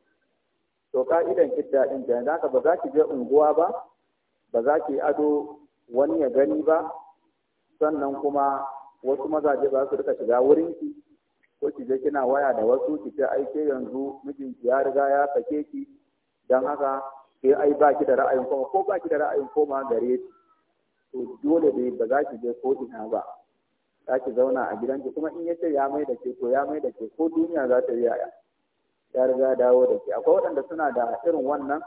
to ka'idan kidda din da haka ba za ki je unguwa ba ba za ki ado wani ya gani ba sannan kuma wasu mazaje ba su rika shiga wurin ki? ko ki je kina waya da wasu ki ce ai ke yanzu mijinki ya riga ya sake ki dan haka ke ai ba ki da ra'ayin koma ko ba ki da ra'ayin koma gare ki to dole dai ba za ki je ko ina ba za ki zauna a gidanki kuma in yace ya mai da ke to ya mai da ke ko duniya za ta yi yaya ya riga dawo da ke akwai waɗanda suna da irin wannan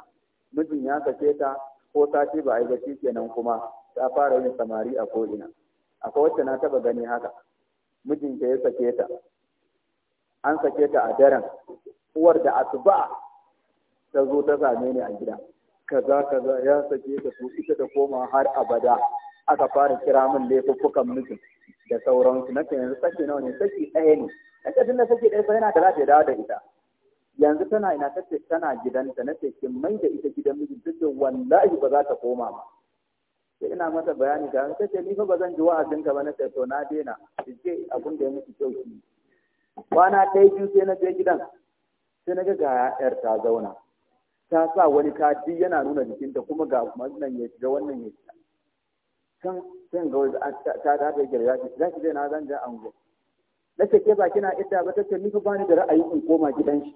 mijin ya sake ta ko sati ba a yi kenan kuma ta fara yin samari a ko'ina akwai wacce na taba gani haka mijinta ya sake ta an sake ta a daren uwar da asuba ta zo ta same ni a gida kaza kaza ya sake ta su ita ta koma har abada aka fara kira min laifukan mijin da sauransu na yanzu sake nawa ne saki ɗaya ne na da sake ɗaya sai yana da za dawo da ita yanzu tana ina tace tana gidanta na ce kin mai da ita gidan miji tace wallahi ba za ta koma ba sai ina mata bayani ta ta ce ni fa ba zan ji wa'azin ka ba na ce to na daina ki ce abin da ya miki kyau ki kwana ɗaya biyu sai na je gidan sai na ga ga yar ta zauna ta sa wani kati yana nuna jikinta kuma ga wannan ya shiga wannan ya shiga kan sai ga wanda ta da ta gida za ki zai na zan je ango na ce ke ba kina idda ba ta ce ni fa bani da ra'ayi in koma gidan shi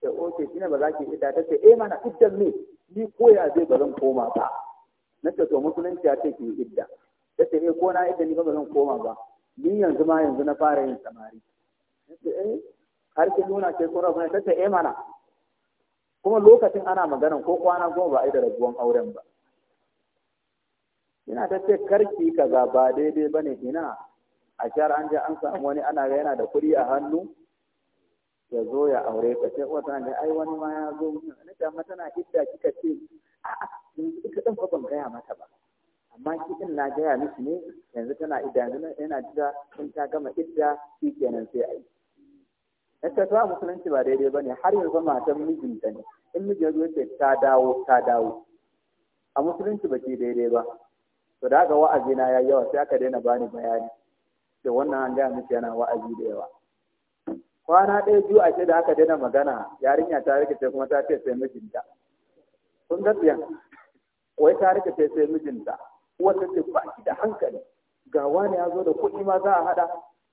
ta oke shi ne ba za ki idda ta ce eh mana iddan ne ni koya zai ba zan koma ba na ce to musulunci ya ce ki idda ta ce eh ko na idda ni ba zan koma ba ni yanzu ma yanzu na fara yin samari na ce eh har ki nuna ke kora ba ta ce eh mana kuma lokacin ana magana ko kwana goma ba a yi da rabuwan auren ba ina ta ce karki kaza ba daidai ba ne ina a shar an je an samu wani ana yana da kuɗi a hannu ya zo ya aure ka sai wata ne ai wani ma ya zo na da mata na idda kika ce a'a yanzu kika dan ban gaya mata ba amma ki din na gaya miki ne yanzu tana idda yanzu yana jira in ta gama idda shi kenan sai ai yadda ta musulunci ba daidai ba ne har yanzu matan mijinta ne in mijin ya zo ce ta dawo ta dawo a musulunci ba ke daidai ba to da wa'azi na ya yawa sai aka daina bani bayani ce wannan an gaya miki yana wa'azi da yawa kwana ɗaya biyu a da aka daina magana yarinya ta rikice kuma ta ce sai mijinta kun ga biyan wai ta rikice sai mijinta wata ce ba shi da hankali ga wani ya zo da kuɗi ma za a haɗa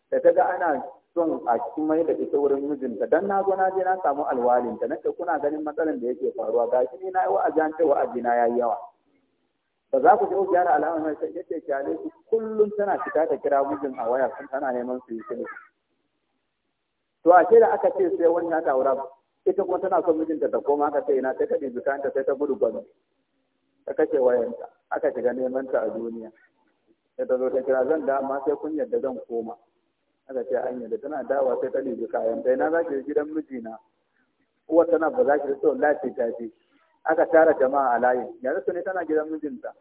da ta ga ana son a cikin mai da ita wurin mijinta dan na zo na je na samu alwalinta nace kuna ganin matsalar da yake faruwa ga shi ne na yi wa'azi ce wa'azi na yayi yawa ba za ku je ku gyara al'amarin sai yace kyale kullum tana fita ta kira mijin a waya sun tana neman su yi sulhu to a da aka ce sai wani ya taura ita kuma tana son mijinta ta koma aka ce ina ta kaɗi bikanta sai ta gudu gwamnati ta kashe wayanta aka shiga neman ta a duniya da ta zo ta kira zan da amma sai kun yadda zan koma aka ce an yadda tana dawa sai ta ɗibi kayan ta ina za ki gidan mijina uwar tana ba za ki da son lafi ta ce aka tara jama'a a layin yanzu su ne tana gidan mijinta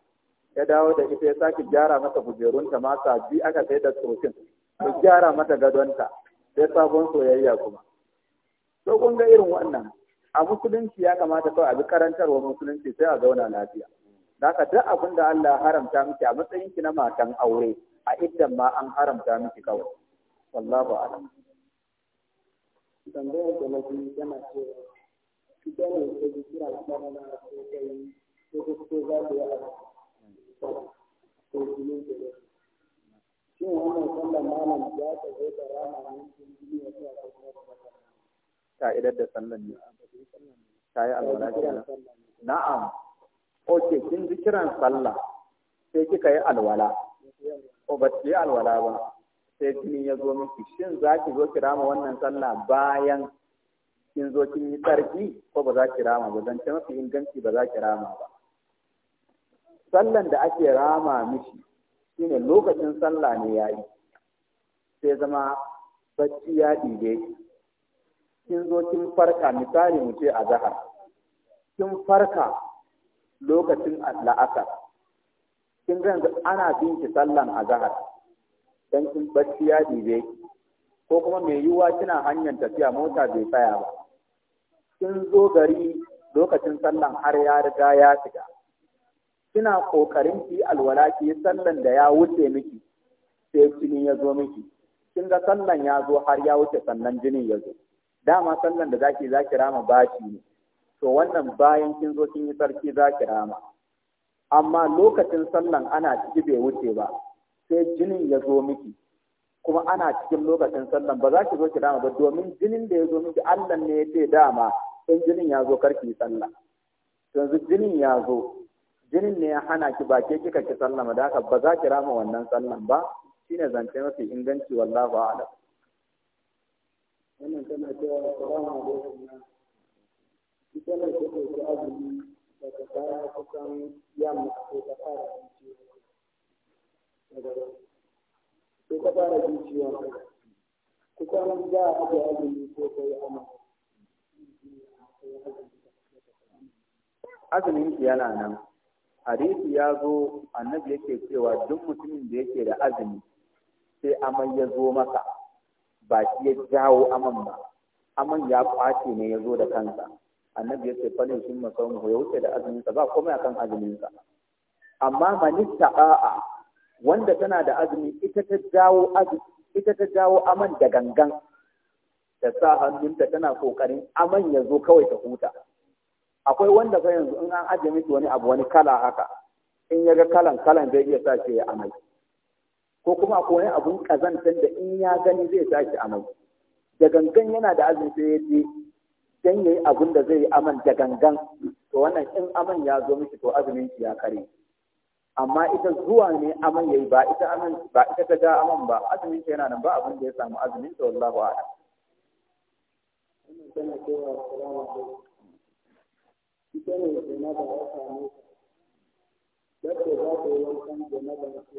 ya dawo da ita ya sake gyara mata kujerunta ma sabbi aka sai da tsofin ya gyara mata gadonta sai sabon soyayya kuma to kun ga irin wannan a musulunci ya kamata kawai a bi karantarwa musulunci sai a zauna lafiya haka duk abin da Allah haramta miki a matsayin ki na matan aure a iddan ma an haramta miki kawai wallahu a'lam tambayar da mafi yana cewa idan ne ta ji kira kuma ko kai ko ko za ku yi abu ko kuma shin wannan sallar malam ya ta zo da rana ne cikin ya ta ko kuma ta idar da sallar ne ta yi alwala kenan na'am Ok, kin ji kiran sallah sai kika yi alwala ko ba ki yi alwala ba sai jini ya zo miki shin za ki zo kira ma wannan sallah bayan kin zo kin yi tsarki ko ba za ki rama ba zance mafi inganci ba za ki rama ba sallan da ake rama mishi Shi ne lokacin sallah ne ya yi. sai zama bacci ya ɗige kin zo kin farka misali mu ce a zahar kin farka lokacin la'asar kin ga ana bin ki sallan a zahar dan kin bacci ya ɗige ko kuma mai yiwuwa kina hanyar tafiya mota bai tsaya ba kin zo gari lokacin sallan har ya riga ya shiga kina kokarin ki alwala ki sallan da ya wuce miki sai jini ya zo miki kin ga sallan ya zo har ya wuce sannan jinin ya zo dama sallan da zaki zaki rama baci ne to wannan bayan kin zo kin yi sarki zaki rama amma lokacin sallan ana ciki bai wuce ba sai jinin ya zo miki kuma ana cikin lokacin sallan ba za ki zo ki rama ba domin jinin da ya zo miki Allah ne ya ce dama in jinin ya zo karki sallah yanzu jinin ya zo jinin ne ya hana ki ba ke kika ki sallama da haka ba za ki rama wannan sallan ba shine zance mafi inganci wallahu a'lam wannan tana cewa salamu alaikum ita ne take ki azumi daga baya kusan yamma ko ta fara jin ciwon sai ta fara jin ciwon kusan za a ajiye azumi ko ta yi amma azumin ki yana nan hadisi ya zo annabi yake cewa duk mutumin da yake da azumi sai aman ya zo maka ba shi ya jawo aman ba aman ya kwace ne ya zo da kansa annabi yake falin shi masaumu ya wuce da azuminsa ba komai akan azuminsa amma manista a'a wanda tana da azumi ita ta jawo aman da gangan ta sa hannunta tana kokarin aman ya zo kawai ta huta akwai wanda ga yanzu in an ajiye miki wani abu wani kala haka in ya ga kalan kalan zai iya sa shi ya amai ko kuma akwai wani abun kazantan da in ya gani zai sa shi amai da gangan yana da azumi sai ya je dan yayi abun da zai yi aman da gangan to wannan in aman ya zo miki to azumin ki ya kare amma ita zuwa ne aman yayi ba ita aman ba ita ta ga aman ba azumin ki yana nan ba abin da ya samu azumin ta wallahi a'lam ita ne janaba ya same ta yadda za ta yi wankan janaba ce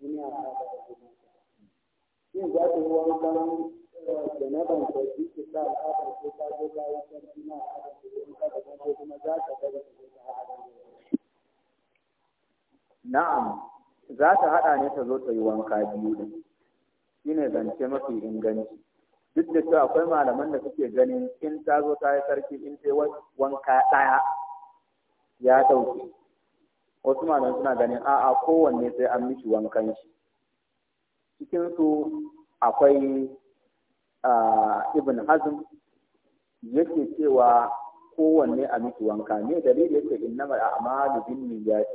wani a ta da gudu za ta yi wankan da janaban ta shi ke sa al'adar ko ta zo ta yi sarki na al'adar ta yi wanka da ko kuma za ta daga ta zo ta haɗa na'am za ta haɗa ne ta zo ta yi wanka biyu da. Shi ne zance mafi inganci duk da cewa akwai malaman da suke ganin in ta zo ta yi sarki in sai wanka ɗaya ya ɗauke wasu malaman suna ganin a'a kowanne sai an mishi wankan shi cikin su akwai ibn hazm yake cewa kowanne a mishi wanka ne dalili yake innama a'malu bin niyyati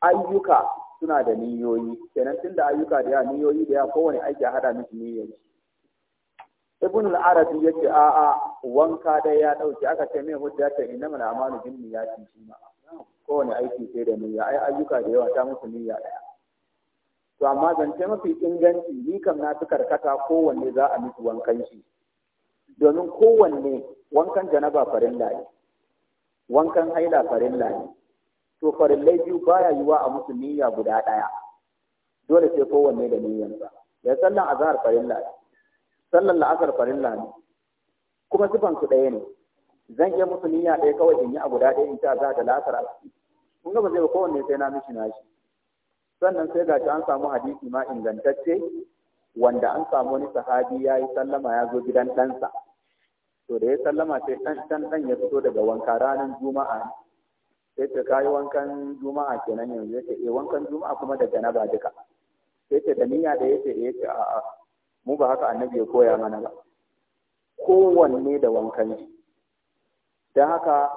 ayyuka suna da niyoyi kenan tunda ayyuka da ya niyoyi da ya kowane aiki a hada mishi niyyar shi ibn al-arabi yace a a wanka dai ya dauke aka ce mai hujja ta inna mal amalu bin niyyati shi ma kowane aiki sai da niyya ai ayyuka da yawa ta musu niyya daya to amma zance mafi inganci ni kam na fi karkata kowanne za a miki wankan shi domin kowanne wankan janaba farilla ne wankan haila farilla ne to farillai biyu baya yiwa a musu niyya guda daya dole sai kowanne da niyyansa ya sallan azhar farilla ne Sallan la'asar farilla ne kuma sifan su ɗaya ne zan iya musu niyya ɗaya kawai in yi a guda ɗaya in ta za da la'asar a ciki kun ga ba zai kowanne sai na mishi shi sannan sai gashi an samu hadisi ma ingantacce wanda an samu wani sahabi ya yi sallama ya zo gidan ɗansa to da ya sallama sai ɗan ɗan ya fito daga wanka ranar juma'a sai ta kayi wankan juma'a kenan yanzu ya ce eh wankan juma'a kuma da ba duka sai ta da niyya da ya ce ce a mu ba haka annabi ya koya mana ba kowanne da wankan shi don haka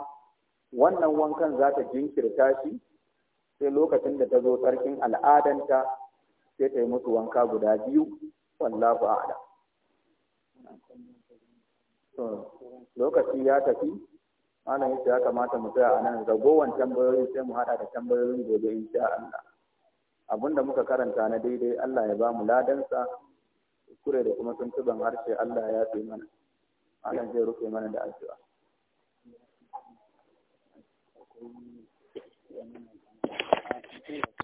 wannan wankan za ta jinkirta shi sai lokacin da ta zo tsarkin al'adanta sai ta yi musu wanka guda biyu wallahu a'lam lokaci ya tafi malam yace ya kamata mu tsaya a nan gowan tambayoyi sai mu hada da tambayoyin gobe insha Allah abinda muka karanta na daidai Allah ya ba mu ladansa kuskure da kuma tuntuban harshe Allah ya fi mana Allah zai rufe mana da addu'a